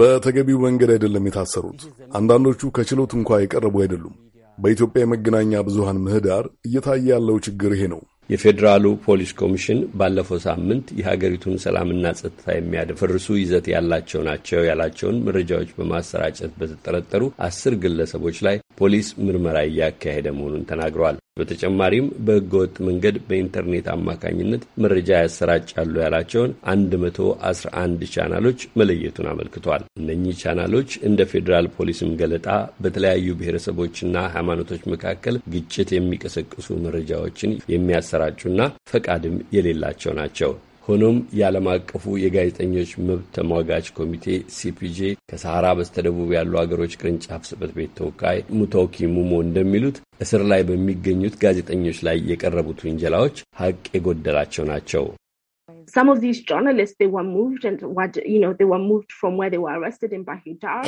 በተገቢው መንገድ አይደለም የታሰሩት። አንዳንዶቹ ከችሎት እንኳ የቀረቡ አይደሉም። በኢትዮጵያ የመገናኛ ብዙሃን ምህዳር እየታየ ያለው ችግር ይሄ ነው። የፌዴራሉ ፖሊስ ኮሚሽን ባለፈው ሳምንት የሀገሪቱን ሰላምና ጸጥታ የሚያደፈርሱ ይዘት ያላቸው ናቸው ያላቸውን መረጃዎች በማሰራጨት በተጠረጠሩ አስር ግለሰቦች ላይ ፖሊስ ምርመራ እያካሄደ መሆኑን ተናግረዋል። በተጨማሪም በህገወጥ መንገድ በኢንተርኔት አማካኝነት መረጃ ያሰራጫሉ ያላቸውን 111 ቻናሎች መለየቱን አመልክቷል። እነኚህ ቻናሎች እንደ ፌዴራል ፖሊስም ገለጣ በተለያዩ ብሔረሰቦችና ሃይማኖቶች መካከል ግጭት የሚቀሰቅሱ መረጃዎችን የሚያሰራጩና ፈቃድም የሌላቸው ናቸው። ሆኖም የዓለም አቀፉ የጋዜጠኞች መብት ተሟጋች ኮሚቴ ሲፒጄ ከሰሐራ በስተደቡብ ያሉ አገሮች ቅርንጫፍ ጽሕፈት ቤት ተወካይ ሙቶኪ ሙሞ እንደሚሉት እስር ላይ በሚገኙት ጋዜጠኞች ላይ የቀረቡት ውንጀላዎች ሐቅ የጎደላቸው ናቸው።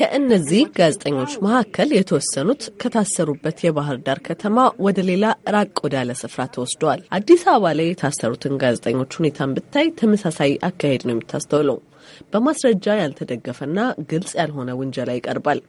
ከእነዚህ ጋዜጠኞች መካከል የተወሰኑት ከታሰሩበት የባህር ዳር ከተማ ወደ ሌላ ራቅ ወዳለ ስፍራ ተወስደዋል። አዲስ አበባ ላይ የታሰሩትን ጋዜጠኞች ሁኔታን ብታይ ተመሳሳይ አካሄድ ነው የምታስተውለው። በማስረጃ ያልተደገፈና ግልጽ ያልሆነ ውንጀላ ይቀርባል።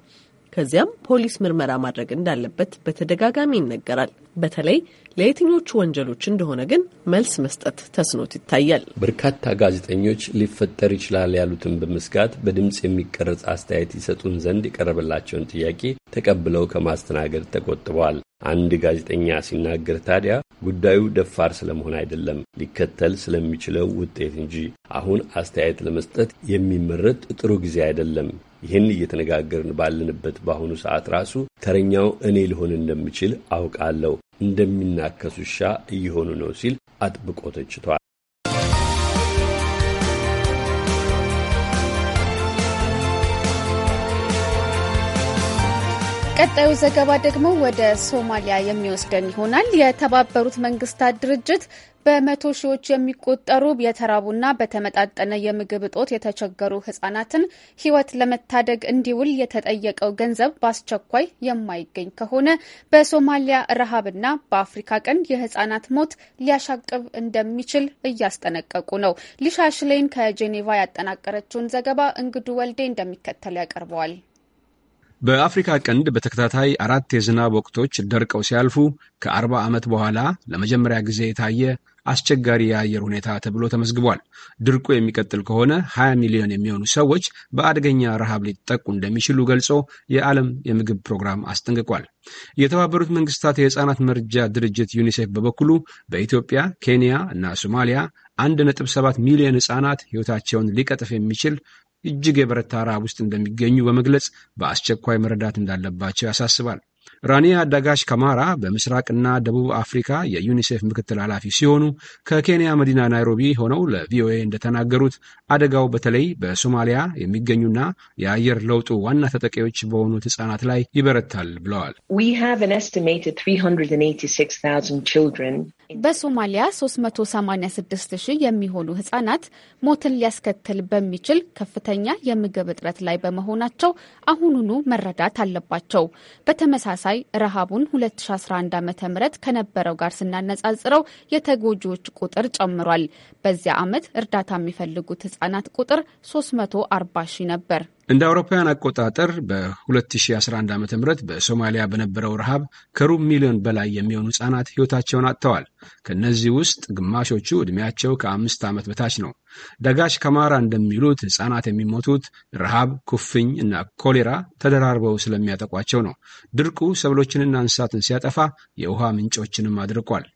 ከዚያም ፖሊስ ምርመራ ማድረግ እንዳለበት በተደጋጋሚ ይነገራል። በተለይ ለየትኞቹ ወንጀሎች እንደሆነ ግን መልስ መስጠት ተስኖት ይታያል። በርካታ ጋዜጠኞች ሊፈጠር ይችላል ያሉትን በመስጋት በድምፅ የሚቀረጽ አስተያየት ይሰጡን ዘንድ የቀረበላቸውን ጥያቄ ተቀብለው ከማስተናገድ ተቆጥበዋል። አንድ ጋዜጠኛ ሲናገር ታዲያ ጉዳዩ ደፋር ስለመሆን አይደለም፣ ሊከተል ስለሚችለው ውጤት እንጂ አሁን አስተያየት ለመስጠት የሚመረጥ ጥሩ ጊዜ አይደለም ይህን እየተነጋገርን ባለንበት በአሁኑ ሰዓት ራሱ ተረኛው እኔ ልሆን እንደምችል አውቃለሁ፣ እንደሚናከሱ ውሻ እየሆኑ ነው ሲል አጥብቆ ተችቷል። ቀጣዩ ዘገባ ደግሞ ወደ ሶማሊያ የሚወስደን ይሆናል። የተባበሩት መንግስታት ድርጅት በመቶ ሺዎች የሚቆጠሩ የተራቡና በተመጣጠነ የምግብ እጦት የተቸገሩ ህጻናትን ህይወት ለመታደግ እንዲውል የተጠየቀው ገንዘብ በአስቸኳይ የማይገኝ ከሆነ በሶማሊያ ረሃብና በአፍሪካ ቀንድ የህጻናት ሞት ሊያሻቅብ እንደሚችል እያስጠነቀቁ ነው። ሊሻ ሽሌን ከጄኔቫ ያጠናቀረችውን ዘገባ እንግዱ ወልዴ እንደሚከተል ያቀርበዋል። በአፍሪካ ቀንድ በተከታታይ አራት የዝናብ ወቅቶች ደርቀው ሲያልፉ ከአርባ ዓመት በኋላ ለመጀመሪያ ጊዜ የታየ አስቸጋሪ የአየር ሁኔታ ተብሎ ተመዝግቧል። ድርቁ የሚቀጥል ከሆነ 20 ሚሊዮን የሚሆኑ ሰዎች በአደገኛ ረሃብ ሊጠቁ እንደሚችሉ ገልጾ የዓለም የምግብ ፕሮግራም አስጠንቅቋል። የተባበሩት መንግስታት የሕፃናት መርጃ ድርጅት ዩኒሴፍ በበኩሉ በኢትዮጵያ፣ ኬንያ እና ሶማሊያ 1.7 ሚሊዮን ሕፃናት ሕይወታቸውን ሊቀጥፍ የሚችል እጅግ የበረታ ረሃብ ውስጥ እንደሚገኙ በመግለጽ በአስቸኳይ መረዳት እንዳለባቸው ያሳስባል። ራኒያ ዳጋሽ ከማራ በምስራቅና ደቡብ አፍሪካ የዩኒሴፍ ምክትል ኃላፊ ሲሆኑ ከኬንያ መዲና ናይሮቢ ሆነው ለቪኦኤ እንደተናገሩት አደጋው በተለይ በሶማሊያ የሚገኙና የአየር ለውጡ ዋና ተጠቂዎች በሆኑት ሕጻናት ላይ ይበረታል ብለዋል። በሶማሊያ 386 ሺህ የሚሆኑ ህጻናት ሞትን ሊያስከትል በሚችል ከፍተኛ የምግብ እጥረት ላይ በመሆናቸው አሁኑኑ መረዳት አለባቸው። በተመሳሳይ ረሃቡን 2011 ዓ ም ከነበረው ጋር ስናነጻጽረው የተጎጂዎች ቁጥር ጨምሯል። በዚያ ዓመት እርዳታ የሚፈልጉት ህጻናት ቁጥር 340 ሺህ ነበር። እንደ አውሮፓውያን አቆጣጠር በ2011 ዓ ም በሶማሊያ በነበረው ረሃብ ከሩብ ሚሊዮን በላይ የሚሆኑ ህጻናት ሕይወታቸውን አጥተዋል። ከእነዚህ ውስጥ ግማሾቹ ዕድሜያቸው ከአምስት ዓመት በታች ነው። ደጋሽ ከማራ እንደሚሉት ህጻናት የሚሞቱት ረሃብ፣ ኩፍኝ እና ኮሌራ ተደራርበው ስለሚያጠቋቸው ነው። ድርቁ ሰብሎችንና እንስሳትን ሲያጠፋ የውሃ ምንጮችንም አድርቋል።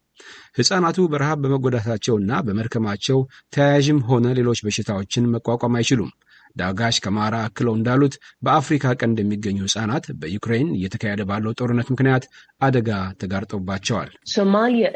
ሕፃናቱ በረሃብ በመጎዳታቸውና በመድከማቸው ተያያዥም ሆነ ሌሎች በሽታዎችን መቋቋም አይችሉም። ዳጋሽ ከማራ አክለው እንዳሉት በአፍሪካ ቀንድ የሚገኙ ህጻናት በዩክሬን እየተካሄደ ባለው ጦርነት ምክንያት አደጋ ተጋርጦባቸዋል። ሶማሊያ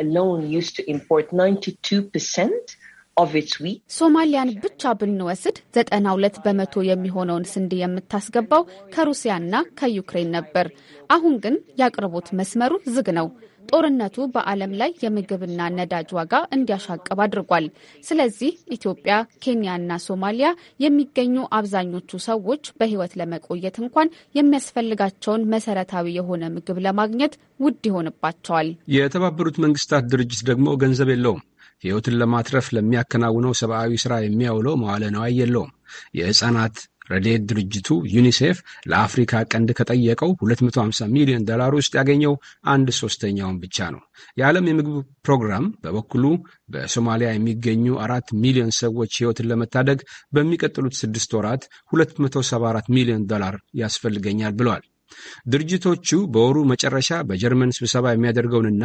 ሶማሊያን ብቻ ብንወስድ 92 በመቶ የሚሆነውን ስንዴ የምታስገባው ከሩሲያና ከዩክሬን ነበር። አሁን ግን የአቅርቦት መስመሩ ዝግ ነው። ጦርነቱ በዓለም ላይ የምግብና ነዳጅ ዋጋ እንዲያሻቅብ አድርጓል። ስለዚህ ኢትዮጵያ፣ ኬንያና ሶማሊያ የሚገኙ አብዛኞቹ ሰዎች በሕይወት ለመቆየት እንኳን የሚያስፈልጋቸውን መሰረታዊ የሆነ ምግብ ለማግኘት ውድ ይሆንባቸዋል። የተባበሩት መንግስታት ድርጅት ደግሞ ገንዘብ የለውም ሕይወትን ለማትረፍ ለሚያከናውነው ሰብአዊ ሥራ የሚያውለው መዋለ ነዋይ የለውም። የሕፃናት ረድኤት ድርጅቱ ዩኒሴፍ ለአፍሪካ ቀንድ ከጠየቀው 250 ሚሊዮን ዶላር ውስጥ ያገኘው አንድ ሶስተኛውን ብቻ ነው። የዓለም የምግብ ፕሮግራም በበኩሉ በሶማሊያ የሚገኙ አራት ሚሊዮን ሰዎች ሕይወትን ለመታደግ በሚቀጥሉት ስድስት ወራት 274 ሚሊዮን ዶላር ያስፈልገኛል ብለዋል። ድርጅቶቹ በወሩ መጨረሻ በጀርመን ስብሰባ የሚያደርገውንና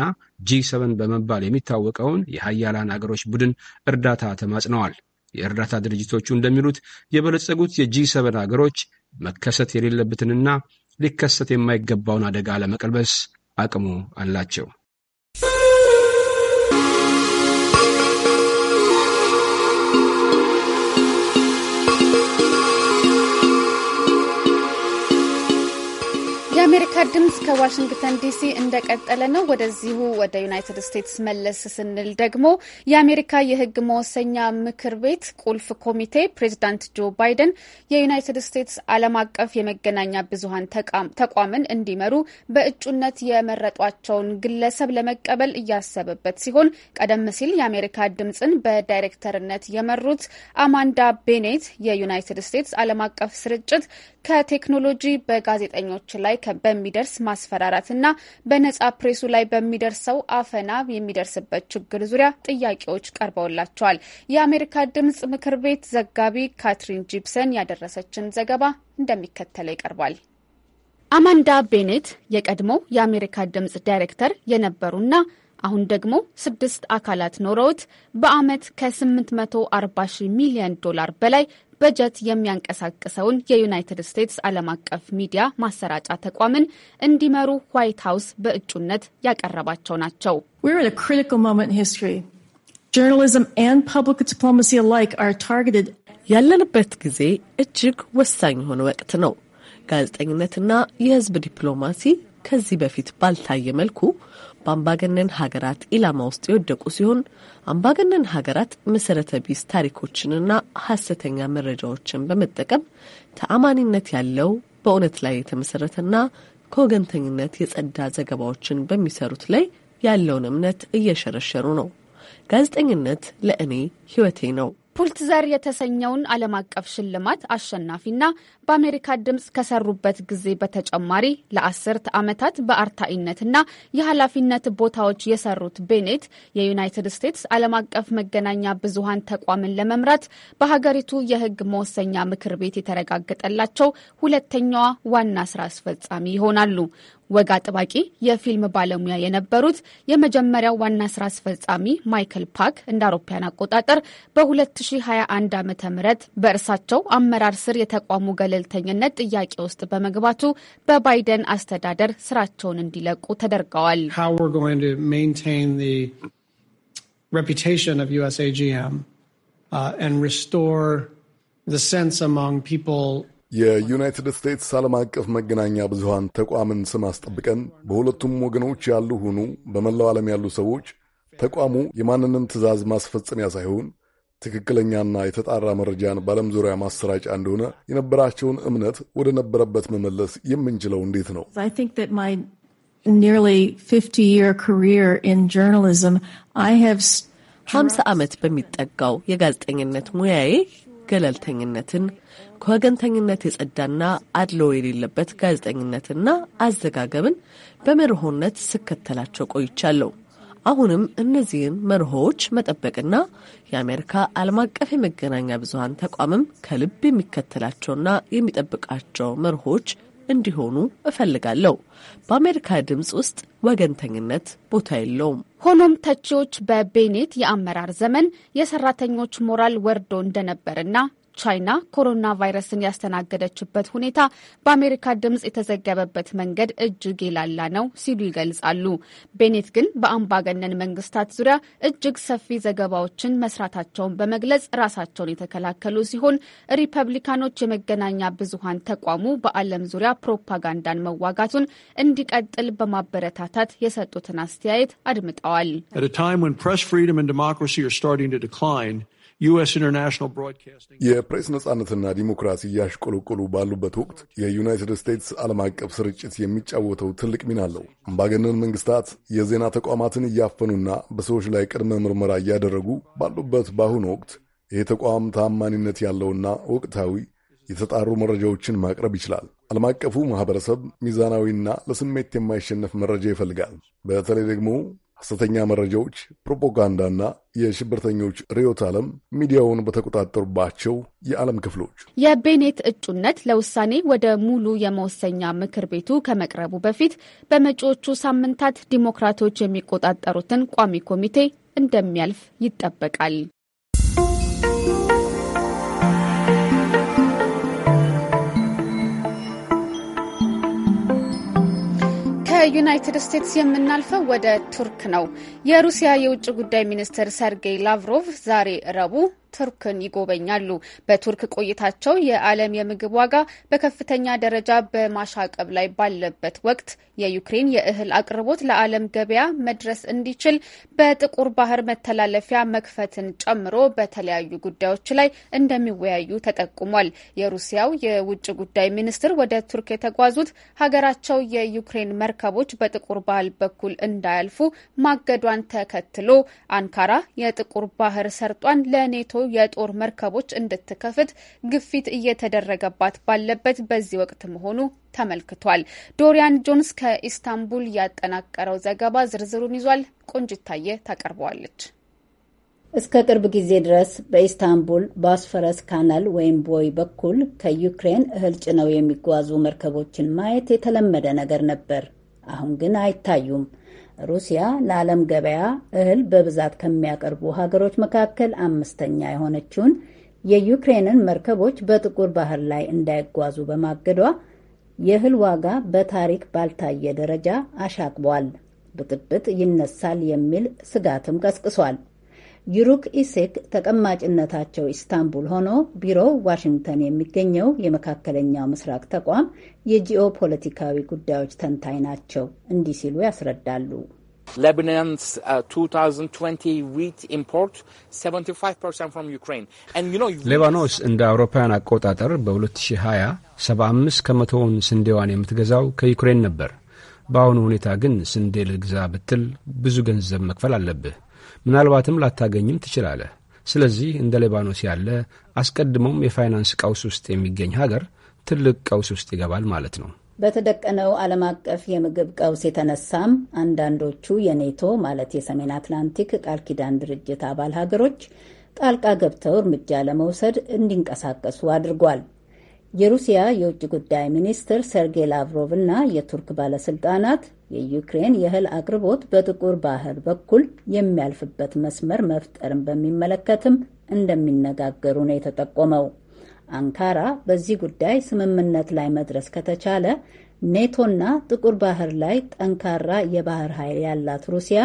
ጂ ሰበን በመባል የሚታወቀውን የሀያላን አገሮች ቡድን እርዳታ ተማጽነዋል። የእርዳታ ድርጅቶቹ እንደሚሉት የበለጸጉት የጂ ሰበን አገሮች መከሰት የሌለበትንና ሊከሰት የማይገባውን አደጋ ለመቀልበስ አቅሙ አላቸው። ir የአሜሪካ ድምፅ ከዋሽንግተን ዲሲ እንደቀጠለ ነው። ወደዚሁ ወደ ዩናይትድ ስቴትስ መለስ ስንል ደግሞ የአሜሪካ የሕግ መወሰኛ ምክር ቤት ቁልፍ ኮሚቴ ፕሬዚዳንት ጆ ባይደን የዩናይትድ ስቴትስ ዓለም አቀፍ የመገናኛ ብዙኃን ተቋምን እንዲመሩ በእጩነት የመረጧቸውን ግለሰብ ለመቀበል እያሰበበት ሲሆን ቀደም ሲል የአሜሪካ ድምፅን በዳይሬክተርነት የመሩት አማንዳ ቤኔት የዩናይትድ ስቴትስ ዓለም አቀፍ ስርጭት ከቴክኖሎጂ በጋዜጠኞች ላይ በሚ በሚደርስ ማስፈራራትና በነጻ ፕሬሱ ላይ በሚደርሰው አፈና የሚደርስበት ችግር ዙሪያ ጥያቄዎች ቀርበውላቸዋል። የአሜሪካ ድምጽ ምክር ቤት ዘጋቢ ካትሪን ጂፕሰን ያደረሰችን ዘገባ እንደሚከተለው ይቀርባል። አማንዳ ቤኔት የቀድሞ የአሜሪካ ድምፅ ዳይሬክተር የነበሩና አሁን ደግሞ ስድስት አካላት ኖረውት በአመት ከ840 ሚሊዮን ዶላር በላይ በጀት የሚያንቀሳቅሰውን የዩናይትድ ስቴትስ ዓለም አቀፍ ሚዲያ ማሰራጫ ተቋምን እንዲመሩ ዋይት ሀውስ በእጩነት ያቀረባቸው ናቸው። ያለንበት ጊዜ እጅግ ወሳኝ የሆነ ወቅት ነው። ጋዜጠኝነትና የህዝብ ዲፕሎማሲ ከዚህ በፊት ባልታየ መልኩ በአምባገነን ሀገራት ኢላማ ውስጥ የወደቁ ሲሆን አምባገነን ሀገራት መሰረተ ቢስ ታሪኮችንና ሀሰተኛ መረጃዎችን በመጠቀም ተአማኒነት ያለው በእውነት ላይ የተመሰረተና ከወገንተኝነት የጸዳ ዘገባዎችን በሚሰሩት ላይ ያለውን እምነት እየሸረሸሩ ነው። ጋዜጠኝነት ለእኔ ሕይወቴ ነው። ፑልትዘር የተሰኘውን ዓለም አቀፍ ሽልማት አሸናፊና በአሜሪካ ድምፅ ከሰሩበት ጊዜ በተጨማሪ ለአስርት ዓመታት በአርታኢነትና የኃላፊነት ቦታዎች የሰሩት ቤኔት የዩናይትድ ስቴትስ ዓለም አቀፍ መገናኛ ብዙሃን ተቋምን ለመምራት በሀገሪቱ የሕግ መወሰኛ ምክር ቤት የተረጋገጠላቸው ሁለተኛዋ ዋና ስራ አስፈጻሚ ይሆናሉ። ወግ አጥባቂ የፊልም ባለሙያ የነበሩት የመጀመሪያው ዋና ስራ አስፈጻሚ ማይክል ፓክ እንደ አውሮፓያን አቆጣጠር በ2021 ዓ ም በእርሳቸው አመራር ስር የተቋሙ ገለልተኝነት ጥያቄ ውስጥ በመግባቱ በባይደን አስተዳደር ስራቸውን እንዲለቁ ተደርገዋል። የዩናይትድ ስቴትስ ዓለም አቀፍ መገናኛ ብዙሃን ተቋምን ስም አስጠብቀን በሁለቱም ወገኖች ያሉ ሁኑ በመላው ዓለም ያሉ ሰዎች ተቋሙ የማንንም ትዕዛዝ ማስፈጸሚያ ሳይሆን ትክክለኛና የተጣራ መረጃን በዓለም ዙሪያ ማሰራጫ እንደሆነ የነበራቸውን እምነት ወደ ነበረበት መመለስ የምንችለው እንዴት ነው? ሀምሳ ዓመት በሚጠጋው የጋዜጠኝነት ሙያዬ ገለልተኝነትን ከወገንተኝነት የጸዳና አድሎ የሌለበት ጋዜጠኝነትና አዘጋገብን በመርሆነት ስከተላቸው ቆይቻለሁ። አሁንም እነዚህን መርሆዎች መጠበቅና የአሜሪካ ዓለም አቀፍ የመገናኛ ብዙሀን ተቋምም ከልብ የሚከተላቸውና የሚጠብቃቸው መርሆዎች እንዲሆኑ እፈልጋለሁ። በአሜሪካ ድምፅ ውስጥ ወገንተኝነት ቦታ የለውም። ሆኖም ተቺዎች በቤኔት የአመራር ዘመን የሰራተኞች ሞራል ወርዶ እንደነበርና ቻይና ኮሮና ቫይረስን ያስተናገደችበት ሁኔታ በአሜሪካ ድምፅ የተዘገበበት መንገድ እጅግ የላላ ነው ሲሉ ይገልጻሉ። ቤኔት ግን በአምባገነን መንግስታት ዙሪያ እጅግ ሰፊ ዘገባዎችን መስራታቸውን በመግለጽ ራሳቸውን የተከላከሉ ሲሆን ሪፐብሊካኖች የመገናኛ ብዙሃን ተቋሙ በዓለም ዙሪያ ፕሮፓጋንዳን መዋጋቱን እንዲቀጥል በማበረታታት የሰጡትን አስተያየት አድምጠዋል። የፕሬስ ነጻነትና ዲሞክራሲ እያሽቆለቆሉ ባሉበት ወቅት የዩናይትድ ስቴትስ ዓለም አቀፍ ስርጭት የሚጫወተው ትልቅ ሚና አለው። አምባገነን መንግስታት የዜና ተቋማትን እያፈኑና በሰዎች ላይ ቅድመ ምርመራ እያደረጉ ባሉበት በአሁኑ ወቅት ይህ ተቋም ታማኒነት ያለውና ወቅታዊ የተጣሩ መረጃዎችን ማቅረብ ይችላል። ዓለም አቀፉ ማህበረሰብ ሚዛናዊና ለስሜት የማይሸነፍ መረጃ ይፈልጋል። በተለይ ደግሞ ሐሰተኛ መረጃዎች፣ ፕሮፓጋንዳና የሽብርተኞች ርዕዮተ ዓለም ሚዲያውን በተቆጣጠሩባቸው የዓለም ክፍሎች የቤኔት እጩነት ለውሳኔ ወደ ሙሉ የመወሰኛ ምክር ቤቱ ከመቅረቡ በፊት በመጪዎቹ ሳምንታት ዲሞክራቶች የሚቆጣጠሩትን ቋሚ ኮሚቴ እንደሚያልፍ ይጠበቃል። ከዩናይትድ ስቴትስ የምናልፈው ወደ ቱርክ ነው። የሩሲያ የውጭ ጉዳይ ሚኒስትር ሰርጌይ ላቭሮቭ ዛሬ ረቡዕ ቱርክን ይጎበኛሉ። በቱርክ ቆይታቸው የዓለም የምግብ ዋጋ በከፍተኛ ደረጃ በማሻቀብ ላይ ባለበት ወቅት የዩክሬን የእህል አቅርቦት ለዓለም ገበያ መድረስ እንዲችል በጥቁር ባህር መተላለፊያ መክፈትን ጨምሮ በተለያዩ ጉዳዮች ላይ እንደሚወያዩ ተጠቁሟል። የሩሲያው የውጭ ጉዳይ ሚኒስትር ወደ ቱርክ የተጓዙት ሀገራቸው የዩክሬን መርከቦች በጥቁር ባህር በኩል እንዳያልፉ ማገዷን ተከትሎ አንካራ የጥቁር ባህር ሰርጧን ለኔቶ የጦር መርከቦች እንድትከፍት ግፊት እየተደረገባት ባለበት በዚህ ወቅት መሆኑ ተመልክቷል። ዶሪያን ጆንስ ከኢስታንቡል ያጠናቀረው ዘገባ ዝርዝሩን ይዟል። ቆንጅታየ ታቀርበዋለች። እስከ ቅርብ ጊዜ ድረስ በኢስታንቡል ቦስፈረስ ካናል ወይም ቦይ በኩል ከዩክሬን እህል ጭነው የሚጓዙ መርከቦችን ማየት የተለመደ ነገር ነበር። አሁን ግን አይታዩም። ሩሲያ ለዓለም ገበያ እህል በብዛት ከሚያቀርቡ ሀገሮች መካከል አምስተኛ የሆነችውን የዩክሬንን መርከቦች በጥቁር ባህር ላይ እንዳይጓዙ በማገዷ የእህል ዋጋ በታሪክ ባልታየ ደረጃ አሻቅቧል። ብጥብጥ ይነሳል የሚል ስጋትም ቀስቅሷል። ዩሩክ ኢሴክ ተቀማጭነታቸው ኢስታንቡል ሆኖ ቢሮው ዋሽንግተን የሚገኘው የመካከለኛው ምስራቅ ተቋም የጂኦ ፖለቲካዊ ጉዳዮች ተንታይ ናቸው። እንዲህ ሲሉ ያስረዳሉ። ሌባኖንስ uh, ሌባኖስ እንደ አውሮፓውያን አቆጣጠር በ2020 75 ከመቶውን ስንዴዋን የምትገዛው ከዩክሬን ነበር። በአሁኑ ሁኔታ ግን ስንዴ ልግዛ ብትል ብዙ ገንዘብ መክፈል አለብህ። ምናልባትም ላታገኝም ትችላለህ። ስለዚህ እንደ ሌባኖስ ያለ አስቀድሞም የፋይናንስ ቀውስ ውስጥ የሚገኝ ሀገር ትልቅ ቀውስ ውስጥ ይገባል ማለት ነው። በተደቀነው ዓለም አቀፍ የምግብ ቀውስ የተነሳም አንዳንዶቹ የኔቶ ማለት የሰሜን አትላንቲክ ቃል ኪዳን ድርጅት አባል ሀገሮች ጣልቃ ገብተው እርምጃ ለመውሰድ እንዲንቀሳቀሱ አድርጓል። የሩሲያ የውጭ ጉዳይ ሚኒስትር ሰርጌይ ላቭሮቭ እና የቱርክ ባለስልጣናት የዩክሬን የእህል አቅርቦት በጥቁር ባህር በኩል የሚያልፍበት መስመር መፍጠርን በሚመለከትም እንደሚነጋገሩ ነው የተጠቆመው። አንካራ በዚህ ጉዳይ ስምምነት ላይ መድረስ ከተቻለ ኔቶና ጥቁር ባህር ላይ ጠንካራ የባህር ኃይል ያላት ሩሲያ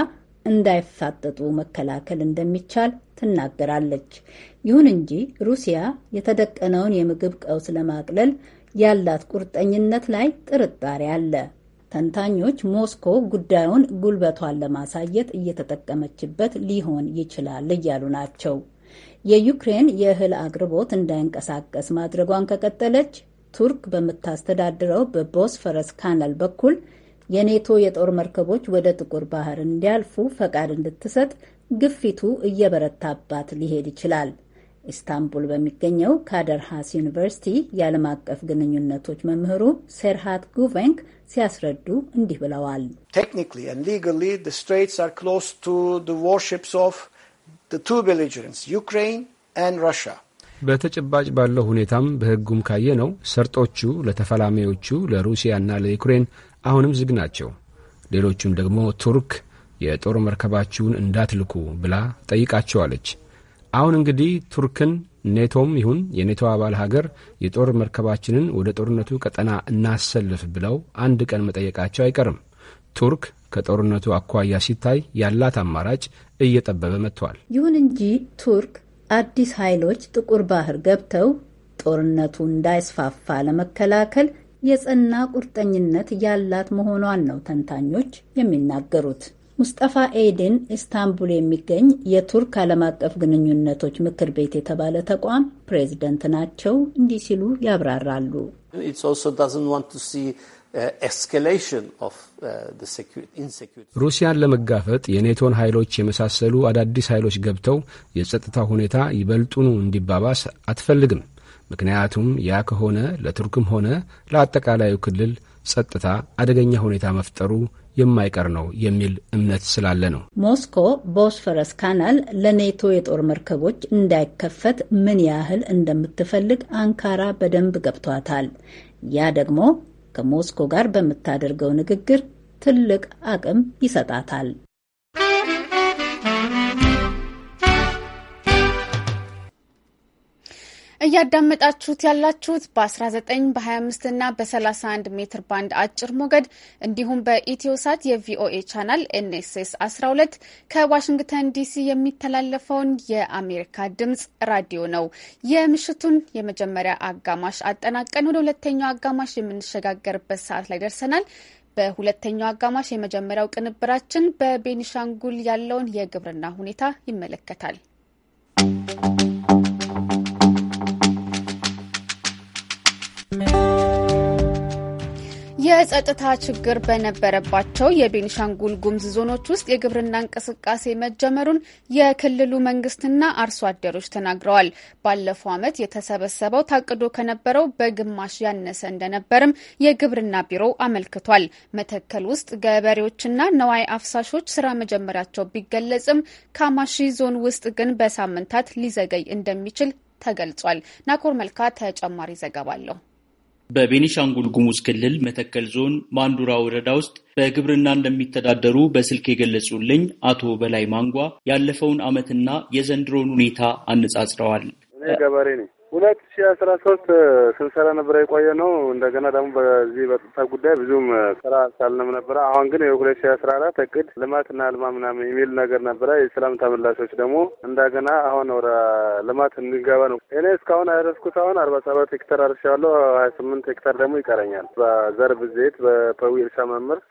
እንዳይፋጠጡ መከላከል እንደሚቻል ትናገራለች። ይሁን እንጂ ሩሲያ የተደቀነውን የምግብ ቀውስ ለማቅለል ያላት ቁርጠኝነት ላይ ጥርጣሬ አለ። ተንታኞች ሞስኮ ጉዳዩን ጉልበቷን ለማሳየት እየተጠቀመችበት ሊሆን ይችላል እያሉ ናቸው። የዩክሬን የእህል አቅርቦት እንዳይንቀሳቀስ ማድረጓን ከቀጠለች ቱርክ በምታስተዳድረው በቦስፈረስ ካናል በኩል የኔቶ የጦር መርከቦች ወደ ጥቁር ባህር እንዲያልፉ ፈቃድ እንድትሰጥ ግፊቱ እየበረታባት ሊሄድ ይችላል። ኢስታንቡል በሚገኘው ካደር ሃስ ዩኒቨርሲቲ የዓለም አቀፍ ግንኙነቶች መምህሩ ሴርሃት ጉቬንክ ሲያስረዱ እንዲህ ብለዋል። በተጨባጭ ባለው ሁኔታም በሕጉም ካየ ነው ሰርጦቹ ለሩሲያ ለሩሲያና ለዩክሬን አሁንም ዝግ ናቸው። ሌሎቹን ደግሞ ቱርክ የጦር መርከባችሁን እንዳትልኩ ብላ ጠይቃቸዋለች። አሁን እንግዲህ ቱርክን ኔቶም ይሁን የኔቶ አባል ሀገር የጦር መርከባችንን ወደ ጦርነቱ ቀጠና እናሰልፍ ብለው አንድ ቀን መጠየቃቸው አይቀርም። ቱርክ ከጦርነቱ አኳያ ሲታይ ያላት አማራጭ እየጠበበ መጥቷል። ይሁን እንጂ ቱርክ አዲስ ኃይሎች ጥቁር ባህር ገብተው ጦርነቱ እንዳይስፋፋ ለመከላከል የጸና ቁርጠኝነት ያላት መሆኗን ነው ተንታኞች የሚናገሩት። ሙስጠፋ ኤድን ኢስታንቡል የሚገኝ የቱርክ ዓለም አቀፍ ግንኙነቶች ምክር ቤት የተባለ ተቋም ፕሬዝደንት ናቸው። እንዲህ ሲሉ ያብራራሉ። uh, uh, ሩሲያን ለመጋፈጥ የኔቶን ኃይሎች የመሳሰሉ አዳዲስ ኃይሎች ገብተው የጸጥታ ሁኔታ ይበልጡኑ እንዲባባስ አትፈልግም። ምክንያቱም ያ ከሆነ ለቱርክም ሆነ ለአጠቃላዩ ክልል ጸጥታ አደገኛ ሁኔታ መፍጠሩ የማይቀር ነው የሚል እምነት ስላለ ነው። ሞስኮ ቦስፈረስ ካናል ለኔቶ የጦር መርከቦች እንዳይከፈት ምን ያህል እንደምትፈልግ አንካራ በደንብ ገብቷታል። ያ ደግሞ ከሞስኮ ጋር በምታደርገው ንግግር ትልቅ አቅም ይሰጣታል። እያዳመጣችሁት ያላችሁት በ19 በ25 እና በ31 ሜትር ባንድ አጭር ሞገድ እንዲሁም በኢትዮሳት የቪኦኤ ቻናል ኤንኤስኤስ 12 ከዋሽንግተን ዲሲ የሚተላለፈውን የአሜሪካ ድምጽ ራዲዮ ነው። የምሽቱን የመጀመሪያ አጋማሽ አጠናቀን ወደ ሁለተኛው አጋማሽ የምንሸጋገርበት ሰዓት ላይ ደርሰናል። በሁለተኛው አጋማሽ የመጀመሪያው ቅንብራችን በቤኒሻንጉል ያለውን የግብርና ሁኔታ ይመለከታል። የጸጥታ ችግር በነበረባቸው የቤኒሻንጉል ጉምዝ ዞኖች ውስጥ የግብርና እንቅስቃሴ መጀመሩን የክልሉ መንግስትና አርሶ አደሮች ተናግረዋል። ባለፈው ዓመት የተሰበሰበው ታቅዶ ከነበረው በግማሽ ያነሰ እንደነበርም የግብርና ቢሮ አመልክቷል። መተከል ውስጥ ገበሬዎችና ነዋይ አፍሳሾች ስራ መጀመሪያቸው ቢገለጽም ካማሺ ዞን ውስጥ ግን በሳምንታት ሊዘገይ እንደሚችል ተገልጿል። ናኮር መልካ ተጨማሪ ዘገባ አለው። በቤኒሻንጉል ጉሙዝ ክልል መተከል ዞን ማንዱራ ወረዳ ውስጥ በግብርና እንደሚተዳደሩ በስልክ የገለጹልኝ አቶ በላይ ማንጓ ያለፈውን ዓመትና የዘንድሮን ሁኔታ አነጻጽረዋል። ገበሬ ነኝ። ሁለት ሺ አስራ ሶስት ስንሰራ ነበረ የቆየ ነው። እንደገና ደግሞ በዚህ በጥታ ጉዳይ ብዙም ስራ ሳልንም ነበረ። አሁን ግን የሁለት ሺ አስራ አራት እቅድ ልማትና ልማ ምናምን የሚል ነገር ነበረ። የሰላም ተመላሾች ደግሞ እንደገና አሁን ወደ ልማት እንዲገባ ነው። እኔ እስካሁን ያረስኩት አሁን አርባ ሰባት ሄክታር አርሻለሁ። ሀያ ስምንት ሄክተር ደግሞ ይቀረኛል። በዘር ብዜት በፐዊ እርሻ መምር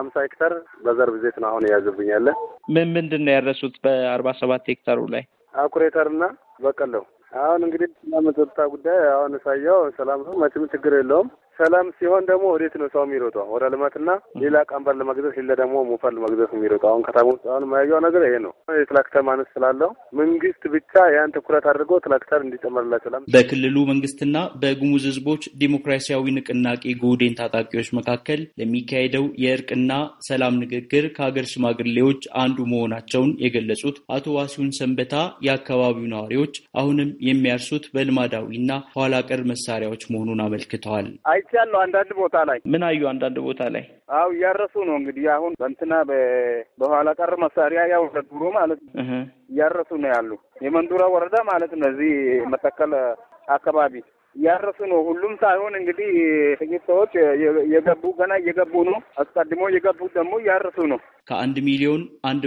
አምሳ ሄክተር በዘር ብዜት ነው አሁን የያዝብኛለ። ምን ምንድን ነው ያረሱት በአርባ ሰባት ሄክተሩ ላይ አኩሬተርና በቀለው አሁን እንግዲህ ስለመጠጣ ጉዳይ አሁን ሳየው ሰላም ነው መቼም ችግር የለውም ሰላም ሲሆን ደግሞ ወዴት ነው ሰው የሚሮጠው? ወደ ልማትና ሌላ ቀንበር ለመግዛት ሌላ ደግሞ ሞፈር ለመግዛት የሚሮጠው። አሁን ከተማ ውስጥ አሁን ነገር ይሄ ነው። የትራክተር ማነስ ስላለው መንግስት ብቻ ያን ትኩረት አድርጎ ትራክተር እንዲጨመርላቸው በክልሉ መንግስትና በጉሙዝ ህዝቦች ዲሞክራሲያዊ ንቅናቄ ጉዴን ታጣቂዎች መካከል ለሚካሄደው የእርቅና ሰላም ንግግር ከሀገር ሽማግሌዎች አንዱ መሆናቸውን የገለጹት አቶ ዋሲሁን ሰንበታ የአካባቢው ነዋሪዎች አሁንም የሚያርሱት በልማዳዊና ኋላ መሳሪያዎች መሆኑን አመልክተዋል። አይቻለሁ። አንዳንድ ቦታ ላይ ምን አዩ? አንዳንድ ቦታ ላይ አው እያረሱ ነው እንግዲህ አሁን በእንትና በኋላ ቀር መሳሪያ ያው ለድሮ ማለት ነው እያረሱ ነው ያሉ የመንዱራ ወረዳ ማለት ነው። እዚህ መተከል አካባቢ እያረሱ ነው። ሁሉም ሳይሆን እንግዲህ ጥቂት ሰዎች የገቡ ገና እየገቡ ነው። አስቀድሞ የገቡት ደግሞ እያረሱ ነው። ከ1 ሚሊዮን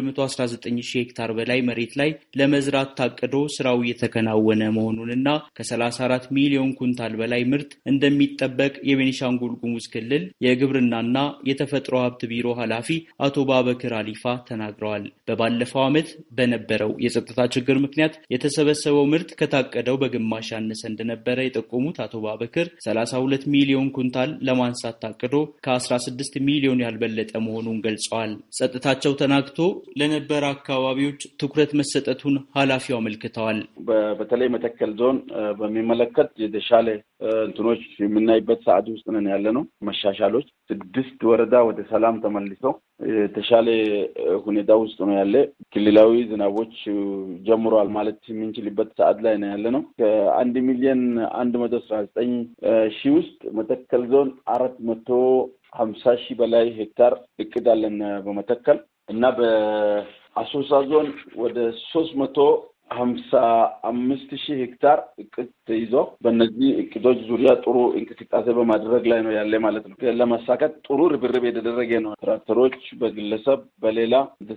119 ሺህ ሄክታር በላይ መሬት ላይ ለመዝራት ታቅዶ ስራው እየተከናወነ መሆኑንና ከ 34 ሚሊዮን ኩንታል በላይ ምርት እንደሚጠበቅ የቤኒሻንጉል ጉሙዝ ክልል የግብርናና የተፈጥሮ ሀብት ቢሮ ኃላፊ አቶ ባበክር አሊፋ ተናግረዋል። በባለፈው ዓመት በነበረው የጸጥታ ችግር ምክንያት የተሰበሰበው ምርት ከታቀደው በግማሽ ያነሰ እንደነበረ የጠቆሙት አቶ ባበክር 32 ሚሊዮን ኩንታል ለማንሳት ታቅዶ ከ16 ሚሊዮን ያልበለጠ መሆኑን ገልጸዋል። ጸጥታቸው ተናግቶ ለነበረ አካባቢዎች ትኩረት መሰጠቱን ኃላፊው አመልክተዋል። በተለይ መተከል ዞን በሚመለከት የተሻለ እንትኖች የምናይበት ሰዓት ውስጥ ነን ያለ ነው። መሻሻሎች ስድስት ወረዳ ወደ ሰላም ተመልሰው የተሻለ ሁኔታ ውስጥ ነው ያለ። ክልላዊ ዝናቦች ጀምሯል ማለት የምንችልበት ሰዓት ላይ ነው ያለ ነው። ከአንድ ሚሊዮን አንድ መቶ አስራ ዘጠኝ ሺህ ውስጥ መተከል ዞን አራት መቶ ሀምሳ ሺህ በላይ ሄክታር እቅድ አለን በመተከል እና በአሶሳ ዞን ወደ ሶስት መቶ ሀምሳ አምስት ሺህ ሄክታር እቅድ ተይዞ በእነዚህ እቅዶች ዙሪያ ጥሩ እንቅስቃሴ በማድረግ ላይ ነው ያለ ማለት ነው። ለመሳካት ጥሩ ርብርብ የተደረገ ነው። ትራክተሮች በግለሰብ በሌላ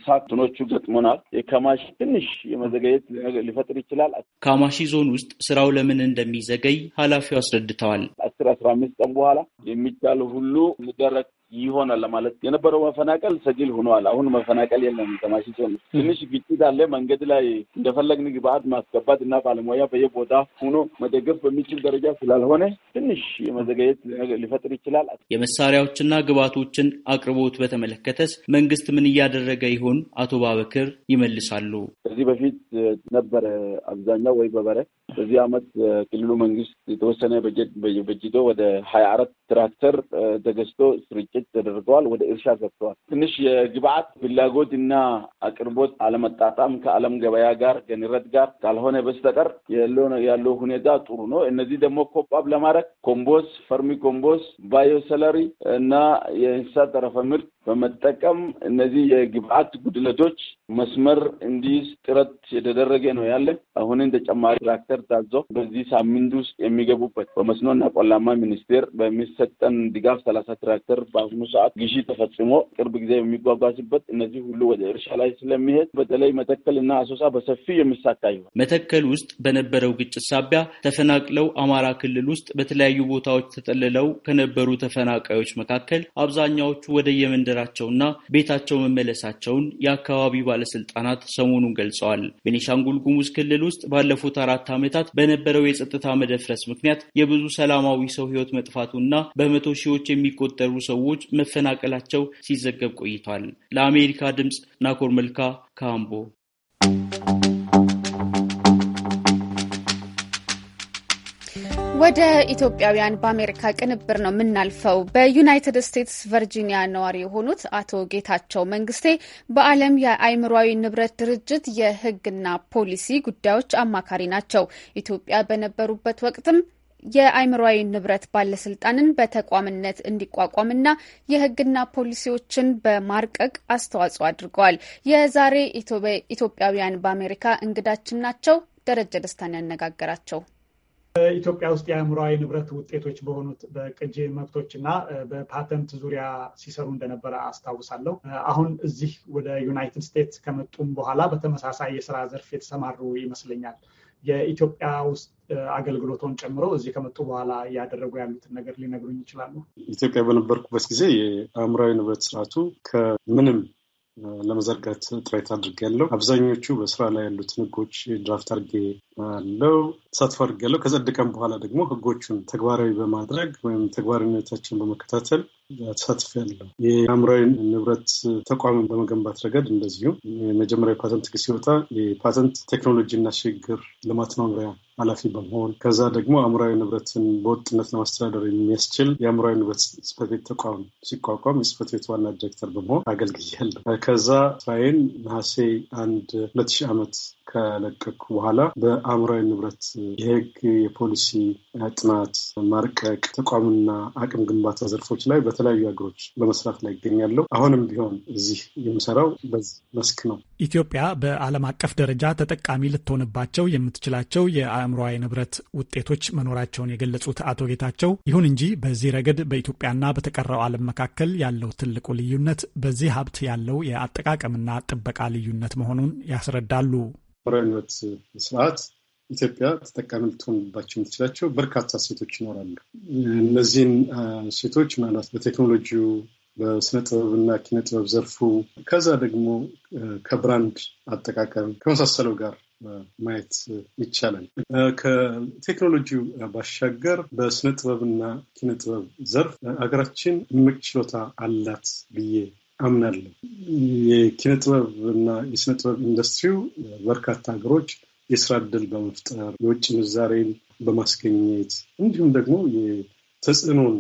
ሳትኖቹ ገጥሞናል። የካማሺ ትንሽ የመዘገየት ሊፈጥር ይችላል። ካማሺ ዞን ውስጥ ስራው ለምን እንደሚዘገይ ኃላፊው አስረድተዋል። አስር አስራ አምስት ቀን በኋላ የሚቻለው ሁሉ ሊደረግ ይሆናል ለማለት የነበረው መፈናቀል ሰጅል ሆኗል። አሁን መፈናቀል የለም። ከማሽ ዞን ትንሽ ግጭት አለ። መንገድ ላይ እንደፈለግን ግብአት ማስገባት እና ባለሙያ በየቦታ ሆኖ መደገፍ በሚችል ደረጃ ስላልሆነ ትንሽ የመዘገየት ሊፈጥር ይችላል። የመሳሪያዎችና ግብዓቶችን አቅርቦት በተመለከተስ መንግስት ምን እያደረገ ይሆን? አቶ ባበክር ይመልሳሉ። ከዚህ በፊት ነበረ አብዛኛው ወይ በበረ በዚህ አመት ክልሉ መንግስት የተወሰነ በጀት በጅቶ ወደ ሀያ አራት ትራክተር ተገዝቶ ስርጭት ተደርገዋል። ወደ እርሻ ገብተዋል። ትንሽ የግብአት ፍላጎት እና አቅርቦት አለመጣጣም ከዓለም ገበያ ጋር ከንረት ጋር ካልሆነ በስተቀር ያለው ሁኔታ ጥሩ ነው። እነዚህ ደግሞ ኮፓብ ለማድረግ ኮምቦስ፣ ፈርሚ ኮምቦስ፣ ባዮ እና የእንስሳት ተረፈ ምርት በመጠቀም እነዚህ የግብአት ጉድለቶች መስመር እንዲይዝ ጥረት የተደረገ ነው ያለ። አሁንም ተጨማሪ ትራክተር ታዞ በዚህ ሳምንት ውስጥ የሚገቡበት በመስኖና ቆላማ ሚኒስቴር በሚሰጠን ድጋፍ ሰላሳ ትራክተር በአሁኑ ሰዓት ግዢ ተፈጽሞ ቅርብ ጊዜ የሚጓጓዝበት እነዚህ ሁሉ ወደ እርሻ ላይ ስለሚሄድ በተለይ መተከል እና አሶሳ በሰፊ የሚሳካ ይሆን። መተከል ውስጥ በነበረው ግጭት ሳቢያ ተፈናቅለው አማራ ክልል ውስጥ በተለያዩ ቦታዎች ተጠልለው ከነበሩ ተፈናቃዮች መካከል አብዛኛዎቹ ወደ የመን መንደራቸውና ቤታቸው መመለሳቸውን የአካባቢው ባለስልጣናት ሰሞኑን ገልጸዋል። ቤኒሻንጉል ጉሙዝ ክልል ውስጥ ባለፉት አራት ዓመታት በነበረው የጸጥታ መደፍረስ ምክንያት የብዙ ሰላማዊ ሰው ህይወት መጥፋቱና በመቶ ሺዎች የሚቆጠሩ ሰዎች መፈናቀላቸው ሲዘገብ ቆይቷል። ለአሜሪካ ድምፅ ናኮር መልካ ካምቦ ወደ ኢትዮጵያውያን በአሜሪካ ቅንብር ነው የምናልፈው። በዩናይትድ ስቴትስ ቨርጂኒያ ነዋሪ የሆኑት አቶ ጌታቸው መንግስቴ በዓለም የአእምሯዊ ንብረት ድርጅት የሕግና ፖሊሲ ጉዳዮች አማካሪ ናቸው። ኢትዮጵያ በነበሩበት ወቅትም የአእምሯዊ ንብረት ባለስልጣንን በተቋምነት እንዲቋቋምና የህግና ፖሊሲዎችን በማርቀቅ አስተዋጽኦ አድርገዋል። የዛሬ ኢትዮጵያውያን በአሜሪካ እንግዳችን ናቸው። ደረጀ ደስታን ያነጋገራቸው በኢትዮጵያ ውስጥ የአእምሯዊ ንብረት ውጤቶች በሆኑት በቅጂ መብቶች እና በፓተንት ዙሪያ ሲሰሩ እንደነበረ አስታውሳለሁ። አሁን እዚህ ወደ ዩናይትድ ስቴትስ ከመጡም በኋላ በተመሳሳይ የስራ ዘርፍ የተሰማሩ ይመስለኛል። የኢትዮጵያ ውስጥ አገልግሎቶን ጨምሮ እዚህ ከመጡ በኋላ እያደረጉ ያሉትን ነገር ሊነግሩኝ ይችላሉ? ኢትዮጵያ በነበርኩበት ጊዜ የአእምሯዊ ንብረት ስርዓቱ ከምንም ለመዘርጋት ጥረት አድርጌያለሁ። አብዛኞቹ በስራ ላይ ያሉትን ህጎች ድራፍት አድርጌ አለው ተሳትፎ አድርጌያለሁ። ከጸደቀም በኋላ ደግሞ ህጎቹን ተግባራዊ በማድረግ ወይም ተግባራዊነታቸውን በመከታተል ያለው የአእምሯዊ ንብረት ተቋምን በመገንባት ረገድ እንደዚሁ የመጀመሪያ ፓተንት ግ ሲወጣ የፓተንት ቴክኖሎጂና ሽግግር ልማት መምሪያ ኃላፊ በመሆን ከዛ ደግሞ አእምሯዊ ንብረትን በወጥነት ለማስተዳደር የሚያስችል የአእምሯዊ ንብረት ጽፈት ቤት ተቋም ሲቋቋም የጽሕፈት ቤት ዋና ዲሬክተር በመሆን አገልግያለሁ። ከዛ ስራዬን ነሐሴ አንድ ሁለት ሺህ ዓመት ከለቀኩ በኋላ በአእምራዊ ንብረት የህግ የፖሊሲ ጥናት ማርቀቅ፣ ተቋምና አቅም ግንባታ ዘርፎች ላይ በተለያዩ ሀገሮች በመስራት ላይ ይገኛለሁ። አሁንም ቢሆን እዚህ የምሰራው በዚህ መስክ ነው። ኢትዮጵያ በዓለም አቀፍ ደረጃ ተጠቃሚ ልትሆንባቸው የምትችላቸው የአእምሯዊ ንብረት ውጤቶች መኖራቸውን የገለጹት አቶ ጌታቸው፣ ይሁን እንጂ በዚህ ረገድ በኢትዮጵያና በተቀረው ዓለም መካከል ያለው ትልቁ ልዩነት በዚህ ሀብት ያለው የአጠቃቀምና ጥበቃ ልዩነት መሆኑን ያስረዳሉ። አእምሯዊነት ስርዓት ኢትዮጵያ ተጠቃሚ ልትሆንባቸው የምትችላቸው በርካታ ሴቶች ይኖራሉ። እነዚህን ሴቶች ማለት በቴክኖሎጂው በስነ ጥበብና ኪነ ጥበብ ዘርፉ ከዛ ደግሞ ከብራንድ አጠቃቀም ከመሳሰለው ጋር ማየት ይቻላል። ከቴክኖሎጂው ባሻገር በስነ ጥበብና ኪነ ጥበብ ዘርፍ ሀገራችን እምቅ ችሎታ አላት ብዬ አምናለሁ። የኪነ ጥበብ እና የስነ ጥበብ ኢንዱስትሪው በርካታ ሀገሮች የስራ እድል በመፍጠር የውጭ ምንዛሬን በማስገኘት እንዲሁም ደግሞ ተጽዕኖን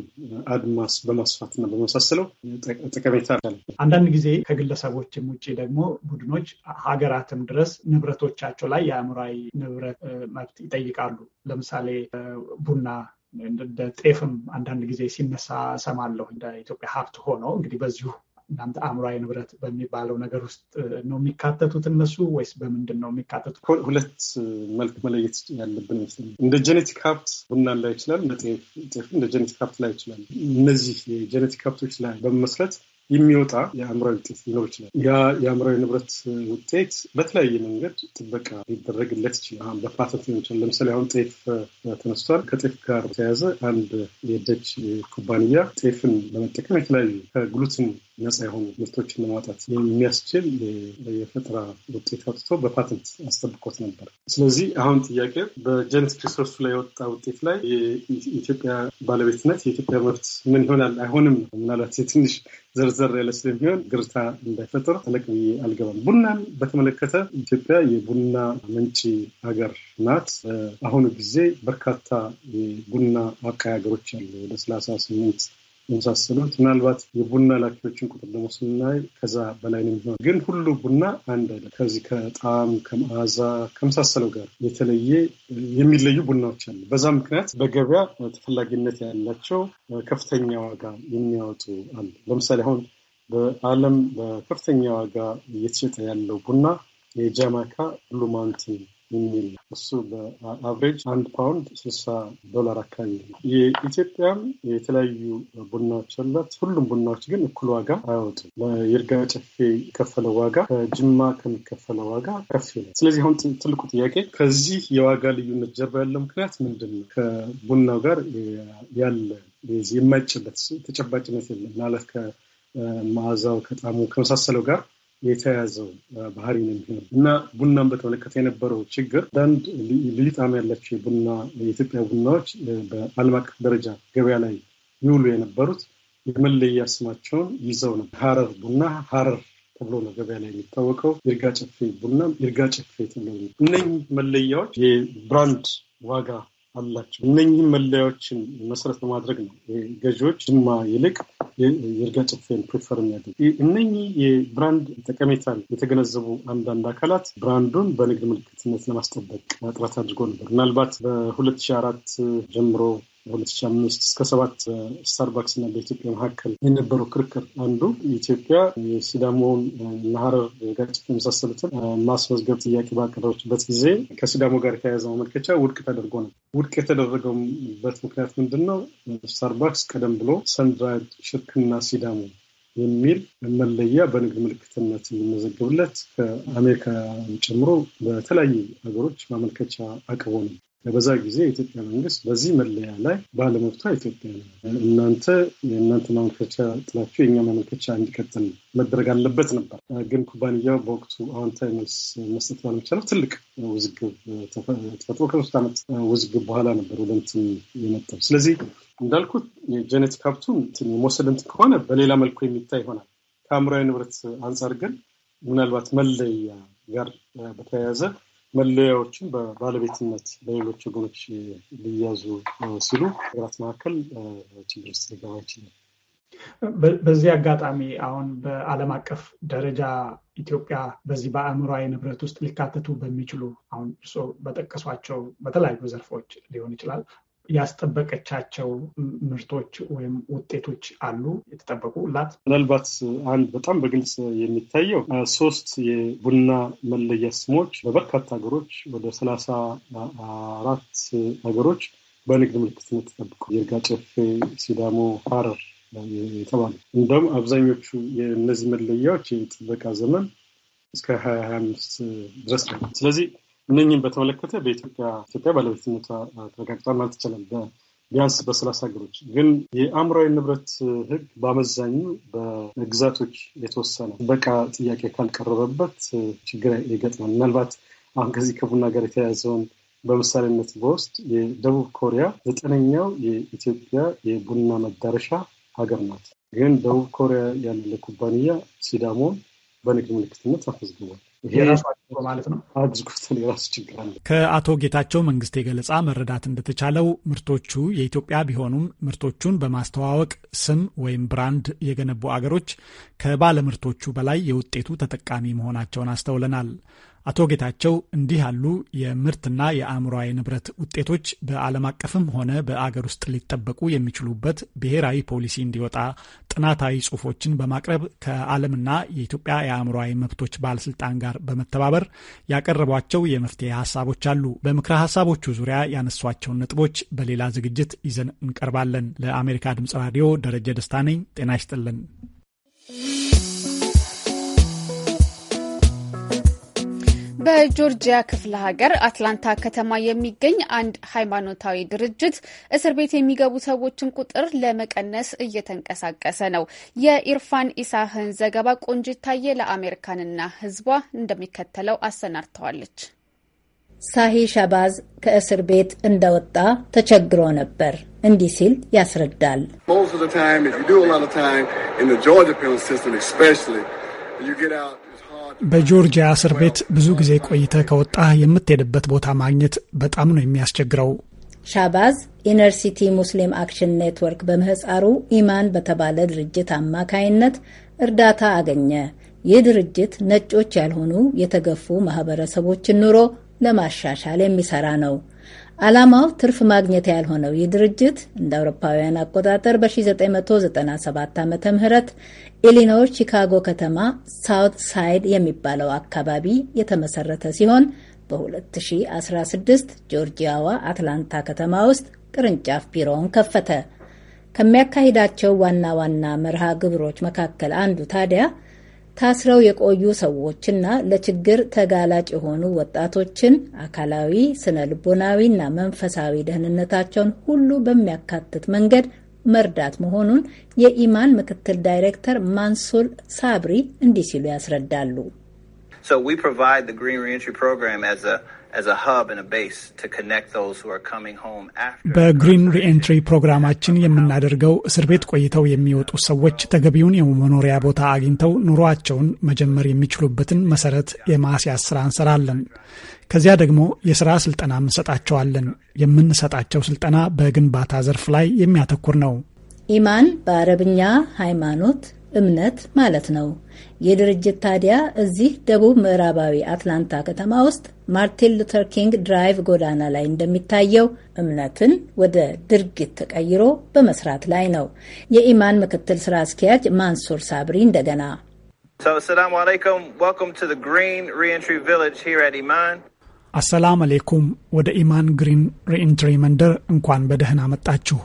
አድማስ በማስፋትና በመሳሰለው ጠቀሜታ አለ። አንዳንድ ጊዜ ከግለሰቦችም ውጭ ደግሞ ቡድኖች ሀገራትም ድረስ ንብረቶቻቸው ላይ የአእምራዊ ንብረት መብት ይጠይቃሉ። ለምሳሌ ቡና እንደ ጤፍም አንዳንድ ጊዜ ሲነሳ ሰማለሁ። እንደ ኢትዮጵያ ሀብት ሆኖ እንግዲህ በዚሁ እናንተ አእምራዊ ንብረት በሚባለው ነገር ውስጥ ነው የሚካተቱት እነሱ ወይስ በምንድን ነው የሚካተቱት? ሁለት መልክ መለየት ያለብን ይመስለኛል። እንደ ጄኔቲክ ሀብት ቡና ላይ ይችላል፣ ጤፍ እንደ ጄኔቲክ ሀብት ላይ ይችላል። እነዚህ የጄኔቲክ ሀብቶች ላይ በመመስረት የሚወጣ የአእምራዊ ውጤት ሊኖር ይችላል። ያ የአእምራዊ ንብረት ውጤት በተለያየ መንገድ ጥበቃ ሊደረግለት ይችላል። አሁን በፓተንት ሊሆን ይችላል። ለምሳሌ አሁን ጤፍ ተነስቷል። ከጤፍ ጋር ተያያዘ አንድ የደች ኩባንያ ጤፍን በመጠቀም የተለያዩ ከግሉትን ነፃ የሆኑ ምርቶችን ለማውጣት የሚያስችል የፈጠራ ውጤት አውጥቶ በፓተንት አስጠብቆት ነበር። ስለዚህ አሁን ጥያቄ በጀነት ሪሶርሱ ላይ የወጣ ውጤት ላይ የኢትዮጵያ ባለቤትነት የኢትዮጵያ መብት ምን ይሆናል አይሆንም? ምናልባት የትንሽ ዝርዝር ያለችል ቢሆን ግርታ እንዳይፈጥር ጠለቅ ብዬ አልገባም። ቡናን በተመለከተ ኢትዮጵያ የቡና ምንጭ ሀገር ናት። በአሁኑ ጊዜ በርካታ የቡና አቃይ ሀገሮች አሉ ወደ ሰላሳ ስምንት የመሳሰሉት ምናልባት የቡና ላኪዎችን ቁጥር ደግሞ ስናይ ከዛ በላይ ነው የሚሆነው። ግን ሁሉ ቡና አንድ አይደለም። ከዚህ ከጣዕም ከመዓዛ ከመሳሰለው ጋር የተለየ የሚለዩ ቡናዎች አሉ። በዛ ምክንያት በገበያ ተፈላጊነት ያላቸው ከፍተኛ ዋጋ የሚያወጡ አሉ። ለምሳሌ አሁን በዓለም በከፍተኛ ዋጋ እየተሸጠ ያለው ቡና የጃማይካ ብሉ ማውንቴን የሚል እሱ በአቨሬጅ አንድ ፓውንድ ስልሳ ዶላር አካባቢ ነው። የኢትዮጵያም የተለያዩ ቡናዎች አሏት። ሁሉም ቡናዎች ግን እኩል ዋጋ አያወጡም። ለይርጋ ጨፌ የከፈለው ዋጋ ከጅማ ከሚከፈለው ዋጋ ከፍ ነው። ስለዚህ አሁን ትልቁ ጥያቄ ከዚህ የዋጋ ልዩነት ጀርባ ያለው ምክንያት ምንድን ነው? ከቡናው ጋር ያለ የማይጭበት ተጨባጭነት የለም ማለት ከመዓዛው ከጣሙ ከመሳሰለው ጋር የተያዘው ባህሪ ነው የሚሆነው እና ቡናን በተመለከተ የነበረው ችግር አንዳንድ ልዩ ጣዕም ያላቸው የቡና የኢትዮጵያ ቡናዎች በዓለም አቀፍ ደረጃ ገበያ ላይ ይውሉ የነበሩት የመለያ ስማቸውን ይዘው ነው። ሀረር ቡና ሀረር ተብሎ ነው ገበያ ላይ የሚታወቀው። ይርጋ ጨፌ ቡናም ይርጋ ጨፌ ተብሎ እነኝህ መለያዎች የብራንድ ዋጋ አላቸው። እነኝህም መለያዎችን መሰረት በማድረግ ነው ገዢዎች ጅማ ይልቅ የይርጋ ጨፌን ፕሪፈር የሚያደርጉ እነኚህ የብራንድ ጠቀሜታን የተገነዘቡ አንዳንድ አካላት ብራንዱን በንግድ ምልክትነት ለማስጠበቅ ጥረት አድርጎ ነበር። ምናልባት በ2004 ጀምሮ ሁለት አምስት እስከ ሰባት ስታርባክስ እና በኢትዮጵያ መካከል የነበረው ክርክር አንዱ ኢትዮጵያ የሲዳሞን እና ሀረር ጋጭት የመሳሰሉትን ማስመዝገብ ጥያቄ ባቀረበችበት ጊዜ ከሲዳሞ ጋር የተያያዘ ማመልከቻ ውድቅ ተደርጎ ነው። ውድቅ የተደረገበት ምክንያት ምንድን ነው? ስታርባክስ ቀደም ብሎ ሰንድራድ ሽርክና ሲዳሞ የሚል መለያ በንግድ ምልክትነት የሚመዘገብለት ከአሜሪካ ጨምሮ በተለያዩ ሀገሮች ማመልከቻ አቅርቦ ነው። በዛ ጊዜ የኢትዮጵያ መንግስት በዚህ መለያ ላይ ባለመብቷ ኢትዮጵያ እናንተ የእናንተ ማመልከቻ ጥላችሁ የኛ ማመልከቻ እንዲቀጥል መደረግ አለበት ነበር። ግን ኩባንያው በወቅቱ አዎንታዊ መልስ መስጠት ባለመቻለው ትልቅ ውዝግብ ተፈጥሮ ከሶስት ዓመት ውዝግብ በኋላ ነበር ወደ እንትን የመጣው። ስለዚህ እንዳልኩት የጄኔቲክ ሀብቱን የመውሰድ እንትን ከሆነ በሌላ መልኩ የሚታይ ይሆናል። ከአእምራዊ ንብረት አንጻር ግን ምናልባት መለያ ጋር በተያያዘ መለያዎችን በባለቤትነት ለሌሎች ወገኖች ሊያዙ ሲሉ ሀገራት መካከል ችግር ውስጥ ሊገባ ይችላል። በዚህ አጋጣሚ አሁን በዓለም አቀፍ ደረጃ ኢትዮጵያ በዚህ በአእምሯዊ ንብረት ውስጥ ሊካተቱ በሚችሉ አሁን እርስዎ በጠቀሷቸው በተለያዩ ዘርፎች ሊሆን ይችላል ያስጠበቀቻቸው ምርቶች ወይም ውጤቶች አሉ የተጠበቁላት። ምናልባት አንድ በጣም በግልጽ የሚታየው ሶስት የቡና መለያ ስሞች በበርካታ ሀገሮች ወደ ሰላሳ አራት ሀገሮች በንግድ ምልክትነት ተጠብቁ የእርጋ ጨፌ፣ ሲዳሞ፣ ሀረር የተባሉ እንደውም አብዛኞቹ የእነዚህ መለያዎች የጥበቃ ዘመን እስከ ሀያ ሀያ አምስት ድረስ ነው። ስለዚህ እነኝም በተመለከተ በኢትዮጵያ ኢትዮጵያ ባለቤትነቷ ተረጋግጧል ማለት ይቻላል ቢያንስ በሰላሳ ሀገሮች ግን የአእምራዊ ንብረት ሕግ በአመዛኙ በግዛቶች የተወሰነ በቃ ጥያቄ ካልቀረበበት ችግር ይገጥማል። ምናልባት አሁን ከዚህ ከቡና ጋር የተያያዘውን በምሳሌነት በውስጥ የደቡብ ኮሪያ ዘጠነኛው የኢትዮጵያ የቡና መዳረሻ ሀገር ናት። ግን ደቡብ ኮሪያ ያለ ኩባንያ ሲዳሞን በንግድ ምልክትነት አስመዝግቧል። ከአቶ ጌታቸው መንግስቴ ገለጻ መረዳት እንደተቻለው ምርቶቹ የኢትዮጵያ ቢሆኑም ምርቶቹን በማስተዋወቅ ስም ወይም ብራንድ የገነቡ አገሮች ከባለምርቶቹ በላይ የውጤቱ ተጠቃሚ መሆናቸውን አስተውለናል። አቶ ጌታቸው እንዲህ ያሉ የምርትና የአእምሯዊ ንብረት ውጤቶች በዓለም አቀፍም ሆነ በአገር ውስጥ ሊጠበቁ የሚችሉበት ብሔራዊ ፖሊሲ እንዲወጣ ጥናታዊ ጽሁፎችን በማቅረብ ከዓለምና የኢትዮጵያ የአእምሯዊ መብቶች ባለስልጣን ጋር በመተባበር ያቀረቧቸው የመፍትሄ ሀሳቦች አሉ። በምክረ ሀሳቦቹ ዙሪያ ያነሷቸውን ነጥቦች በሌላ ዝግጅት ይዘን እንቀርባለን። ለአሜሪካ ድምጽ ራዲዮ ደረጀ ደስታ ነኝ። ጤና ይስጥልን። በጆርጂያ ክፍለ ሀገር አትላንታ ከተማ የሚገኝ አንድ ሃይማኖታዊ ድርጅት እስር ቤት የሚገቡ ሰዎችን ቁጥር ለመቀነስ እየተንቀሳቀሰ ነው። የኢርፋን ኢሳህን ዘገባ ቆንጅታዬ ለአሜሪካንና ህዝቧ እንደሚከተለው አሰናድተዋለች። ሳሂ ሻባዝ ከእስር ቤት እንደወጣ ተቸግሮ ነበር። እንዲህ ሲል ያስረዳል። በጆርጂያ እስር ቤት ብዙ ጊዜ ቆይተ ከወጣ የምትሄድበት ቦታ ማግኘት በጣም ነው የሚያስቸግረው። ሻባዝ ኢነር ሲቲ ሙስሊም አክሽን ኔትወርክ በምህፃሩ ኢማን በተባለ ድርጅት አማካይነት እርዳታ አገኘ። ይህ ድርጅት ነጮች ያልሆኑ የተገፉ ማህበረሰቦችን ኑሮ ለማሻሻል የሚሰራ ነው። ዓላማው ትርፍ ማግኘት ያልሆነው ይህ ድርጅት እንደ አውሮፓውያን አቆጣጠር በ1997 ዓ ም ኢሊኖይ ቺካጎ ከተማ ሳውት ሳይድ የሚባለው አካባቢ የተመሰረተ ሲሆን በ2016 ጆርጂያዋ አትላንታ ከተማ ውስጥ ቅርንጫፍ ቢሮውን ከፈተ። ከሚያካሂዳቸው ዋና ዋና መርሃ ግብሮች መካከል አንዱ ታዲያ ታስረው የቆዩ ሰዎችና ለችግር ተጋላጭ የሆኑ ወጣቶችን አካላዊ፣ ስነ ልቦናዊና መንፈሳዊ ደህንነታቸውን ሁሉ በሚያካትት መንገድ መርዳት መሆኑን የኢማን ምክትል ዳይሬክተር ማንሱል ሳብሪ እንዲህ ሲሉ ያስረዳሉ። በግሪን ሪኤንትሪ ፕሮግራማችን የምናደርገው እስር ቤት ቆይተው የሚወጡ ሰዎች ተገቢውን የመኖሪያ ቦታ አግኝተው ኑሯቸውን መጀመር የሚችሉበትን መሰረት የማስያዝ ስራ እንሰራለን። ከዚያ ደግሞ የስራ ስልጠና እንሰጣቸዋለን። የምንሰጣቸው ስልጠና በግንባታ ዘርፍ ላይ የሚያተኩር ነው። ኢማን በአረብኛ ሃይማኖት እምነት ማለት ነው። የድርጅት ታዲያ እዚህ ደቡብ ምዕራባዊ አትላንታ ከተማ ውስጥ ማርቲን ሉተር ኪንግ ድራይቭ ጎዳና ላይ እንደሚታየው እምነትን ወደ ድርጊት ተቀይሮ በመስራት ላይ ነው። የኢማን ምክትል ስራ አስኪያጅ ማንሱር ሳብሪ እንደገና አሰላሙ አለይኩም ወልካም ቱ ግሪን ቪሌጅ ሂር አት ኢማን። አሰላም አሌይኩም ወደ ኢማን ግሪን ሪኢንትሪ መንደር እንኳን በደህና መጣችሁ።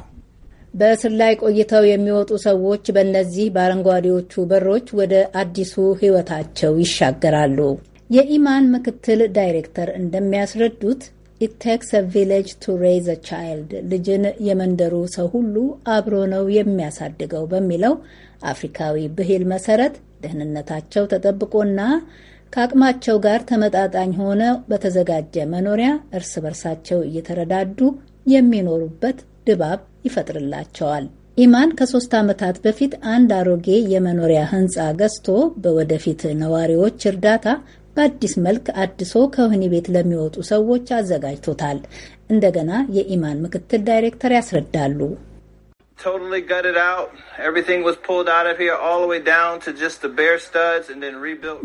በእስር ላይ ቆይተው የሚወጡ ሰዎች በእነዚህ በአረንጓዴዎቹ በሮች ወደ አዲሱ ሕይወታቸው ይሻገራሉ። የኢማን ምክትል ዳይሬክተር እንደሚያስረዱት ኢት ቴክስ ቪሌጅ ቱ ሬይዝ አ ቻይልድ ልጅን የመንደሩ ሰው ሁሉ አብሮ ነው የሚያሳድገው በሚለው አፍሪካዊ ብሂል መሰረት ደህንነታቸው ተጠብቆና ከአቅማቸው ጋር ተመጣጣኝ ሆነ በተዘጋጀ መኖሪያ እርስ በርሳቸው እየተረዳዱ የሚኖሩበት ድባብ ይፈጥርላቸዋል። ኢማን ከሶስት ዓመታት በፊት አንድ አሮጌ የመኖሪያ ህንፃ ገዝቶ በወደፊት ነዋሪዎች እርዳታ በአዲስ መልክ አድሶ ከወህኒ ቤት ለሚወጡ ሰዎች አዘጋጅቶታል። እንደገና የኢማን ምክትል ዳይሬክተር ያስረዳሉ።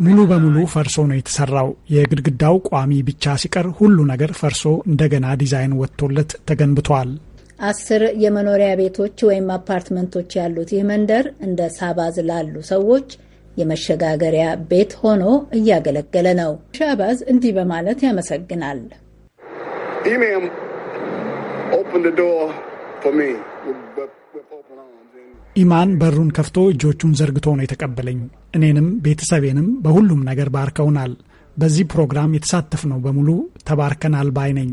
ሙሉ በሙሉ ፈርሶ ነው የተሰራው። የግድግዳው ቋሚ ብቻ ሲቀር ሁሉ ነገር ፈርሶ እንደገና ዲዛይን ወጥቶለት ተገንብቷል። አስር የመኖሪያ ቤቶች ወይም አፓርትመንቶች ያሉት ይህ መንደር እንደ ሳባዝ ላሉ ሰዎች የመሸጋገሪያ ቤት ሆኖ እያገለገለ ነው። ሻባዝ እንዲህ በማለት ያመሰግናል። ኢማን በሩን ከፍቶ እጆቹን ዘርግቶ ነው የተቀበለኝ። እኔንም ቤተሰቤንም በሁሉም ነገር ባርከውናል። በዚህ ፕሮግራም የተሳተፍነው በሙሉ ተባርከናል ባይ ነኝ።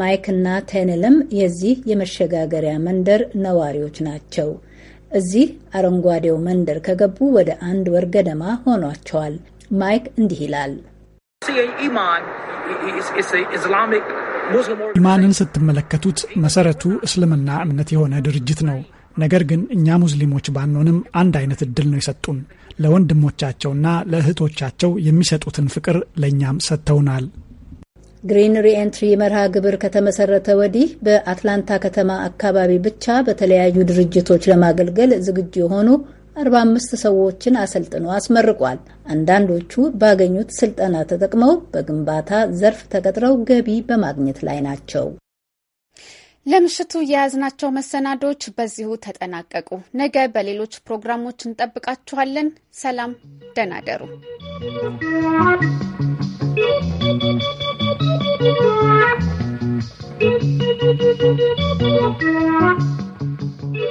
ማይክና ቴንልም የዚህ የመሸጋገሪያ መንደር ነዋሪዎች ናቸው። እዚህ አረንጓዴው መንደር ከገቡ ወደ አንድ ወር ገደማ ሆኗቸዋል። ማይክ እንዲህ ይላል። ኢማንን ስትመለከቱት መሰረቱ እስልምና እምነት የሆነ ድርጅት ነው። ነገር ግን እኛ ሙስሊሞች ባንሆንም አንድ አይነት እድል ነው የሰጡን። ለወንድሞቻቸውና ለእህቶቻቸው የሚሰጡትን ፍቅር ለእኛም ሰጥተውናል። ግሪን ሪኤንትሪ መርሃ ግብር ከተመሰረተ ወዲህ በአትላንታ ከተማ አካባቢ ብቻ በተለያዩ ድርጅቶች ለማገልገል ዝግጁ የሆኑ 45 ሰዎችን አሰልጥኖ አስመርቋል። አንዳንዶቹ ባገኙት ስልጠና ተጠቅመው በግንባታ ዘርፍ ተቀጥረው ገቢ በማግኘት ላይ ናቸው። ለምሽቱ የያዝናቸው መሰናዶዎች በዚሁ ተጠናቀቁ። ነገ በሌሎች ፕሮግራሞች እንጠብቃችኋለን። ሰላም፣ ደህና ደሩ። Thank you.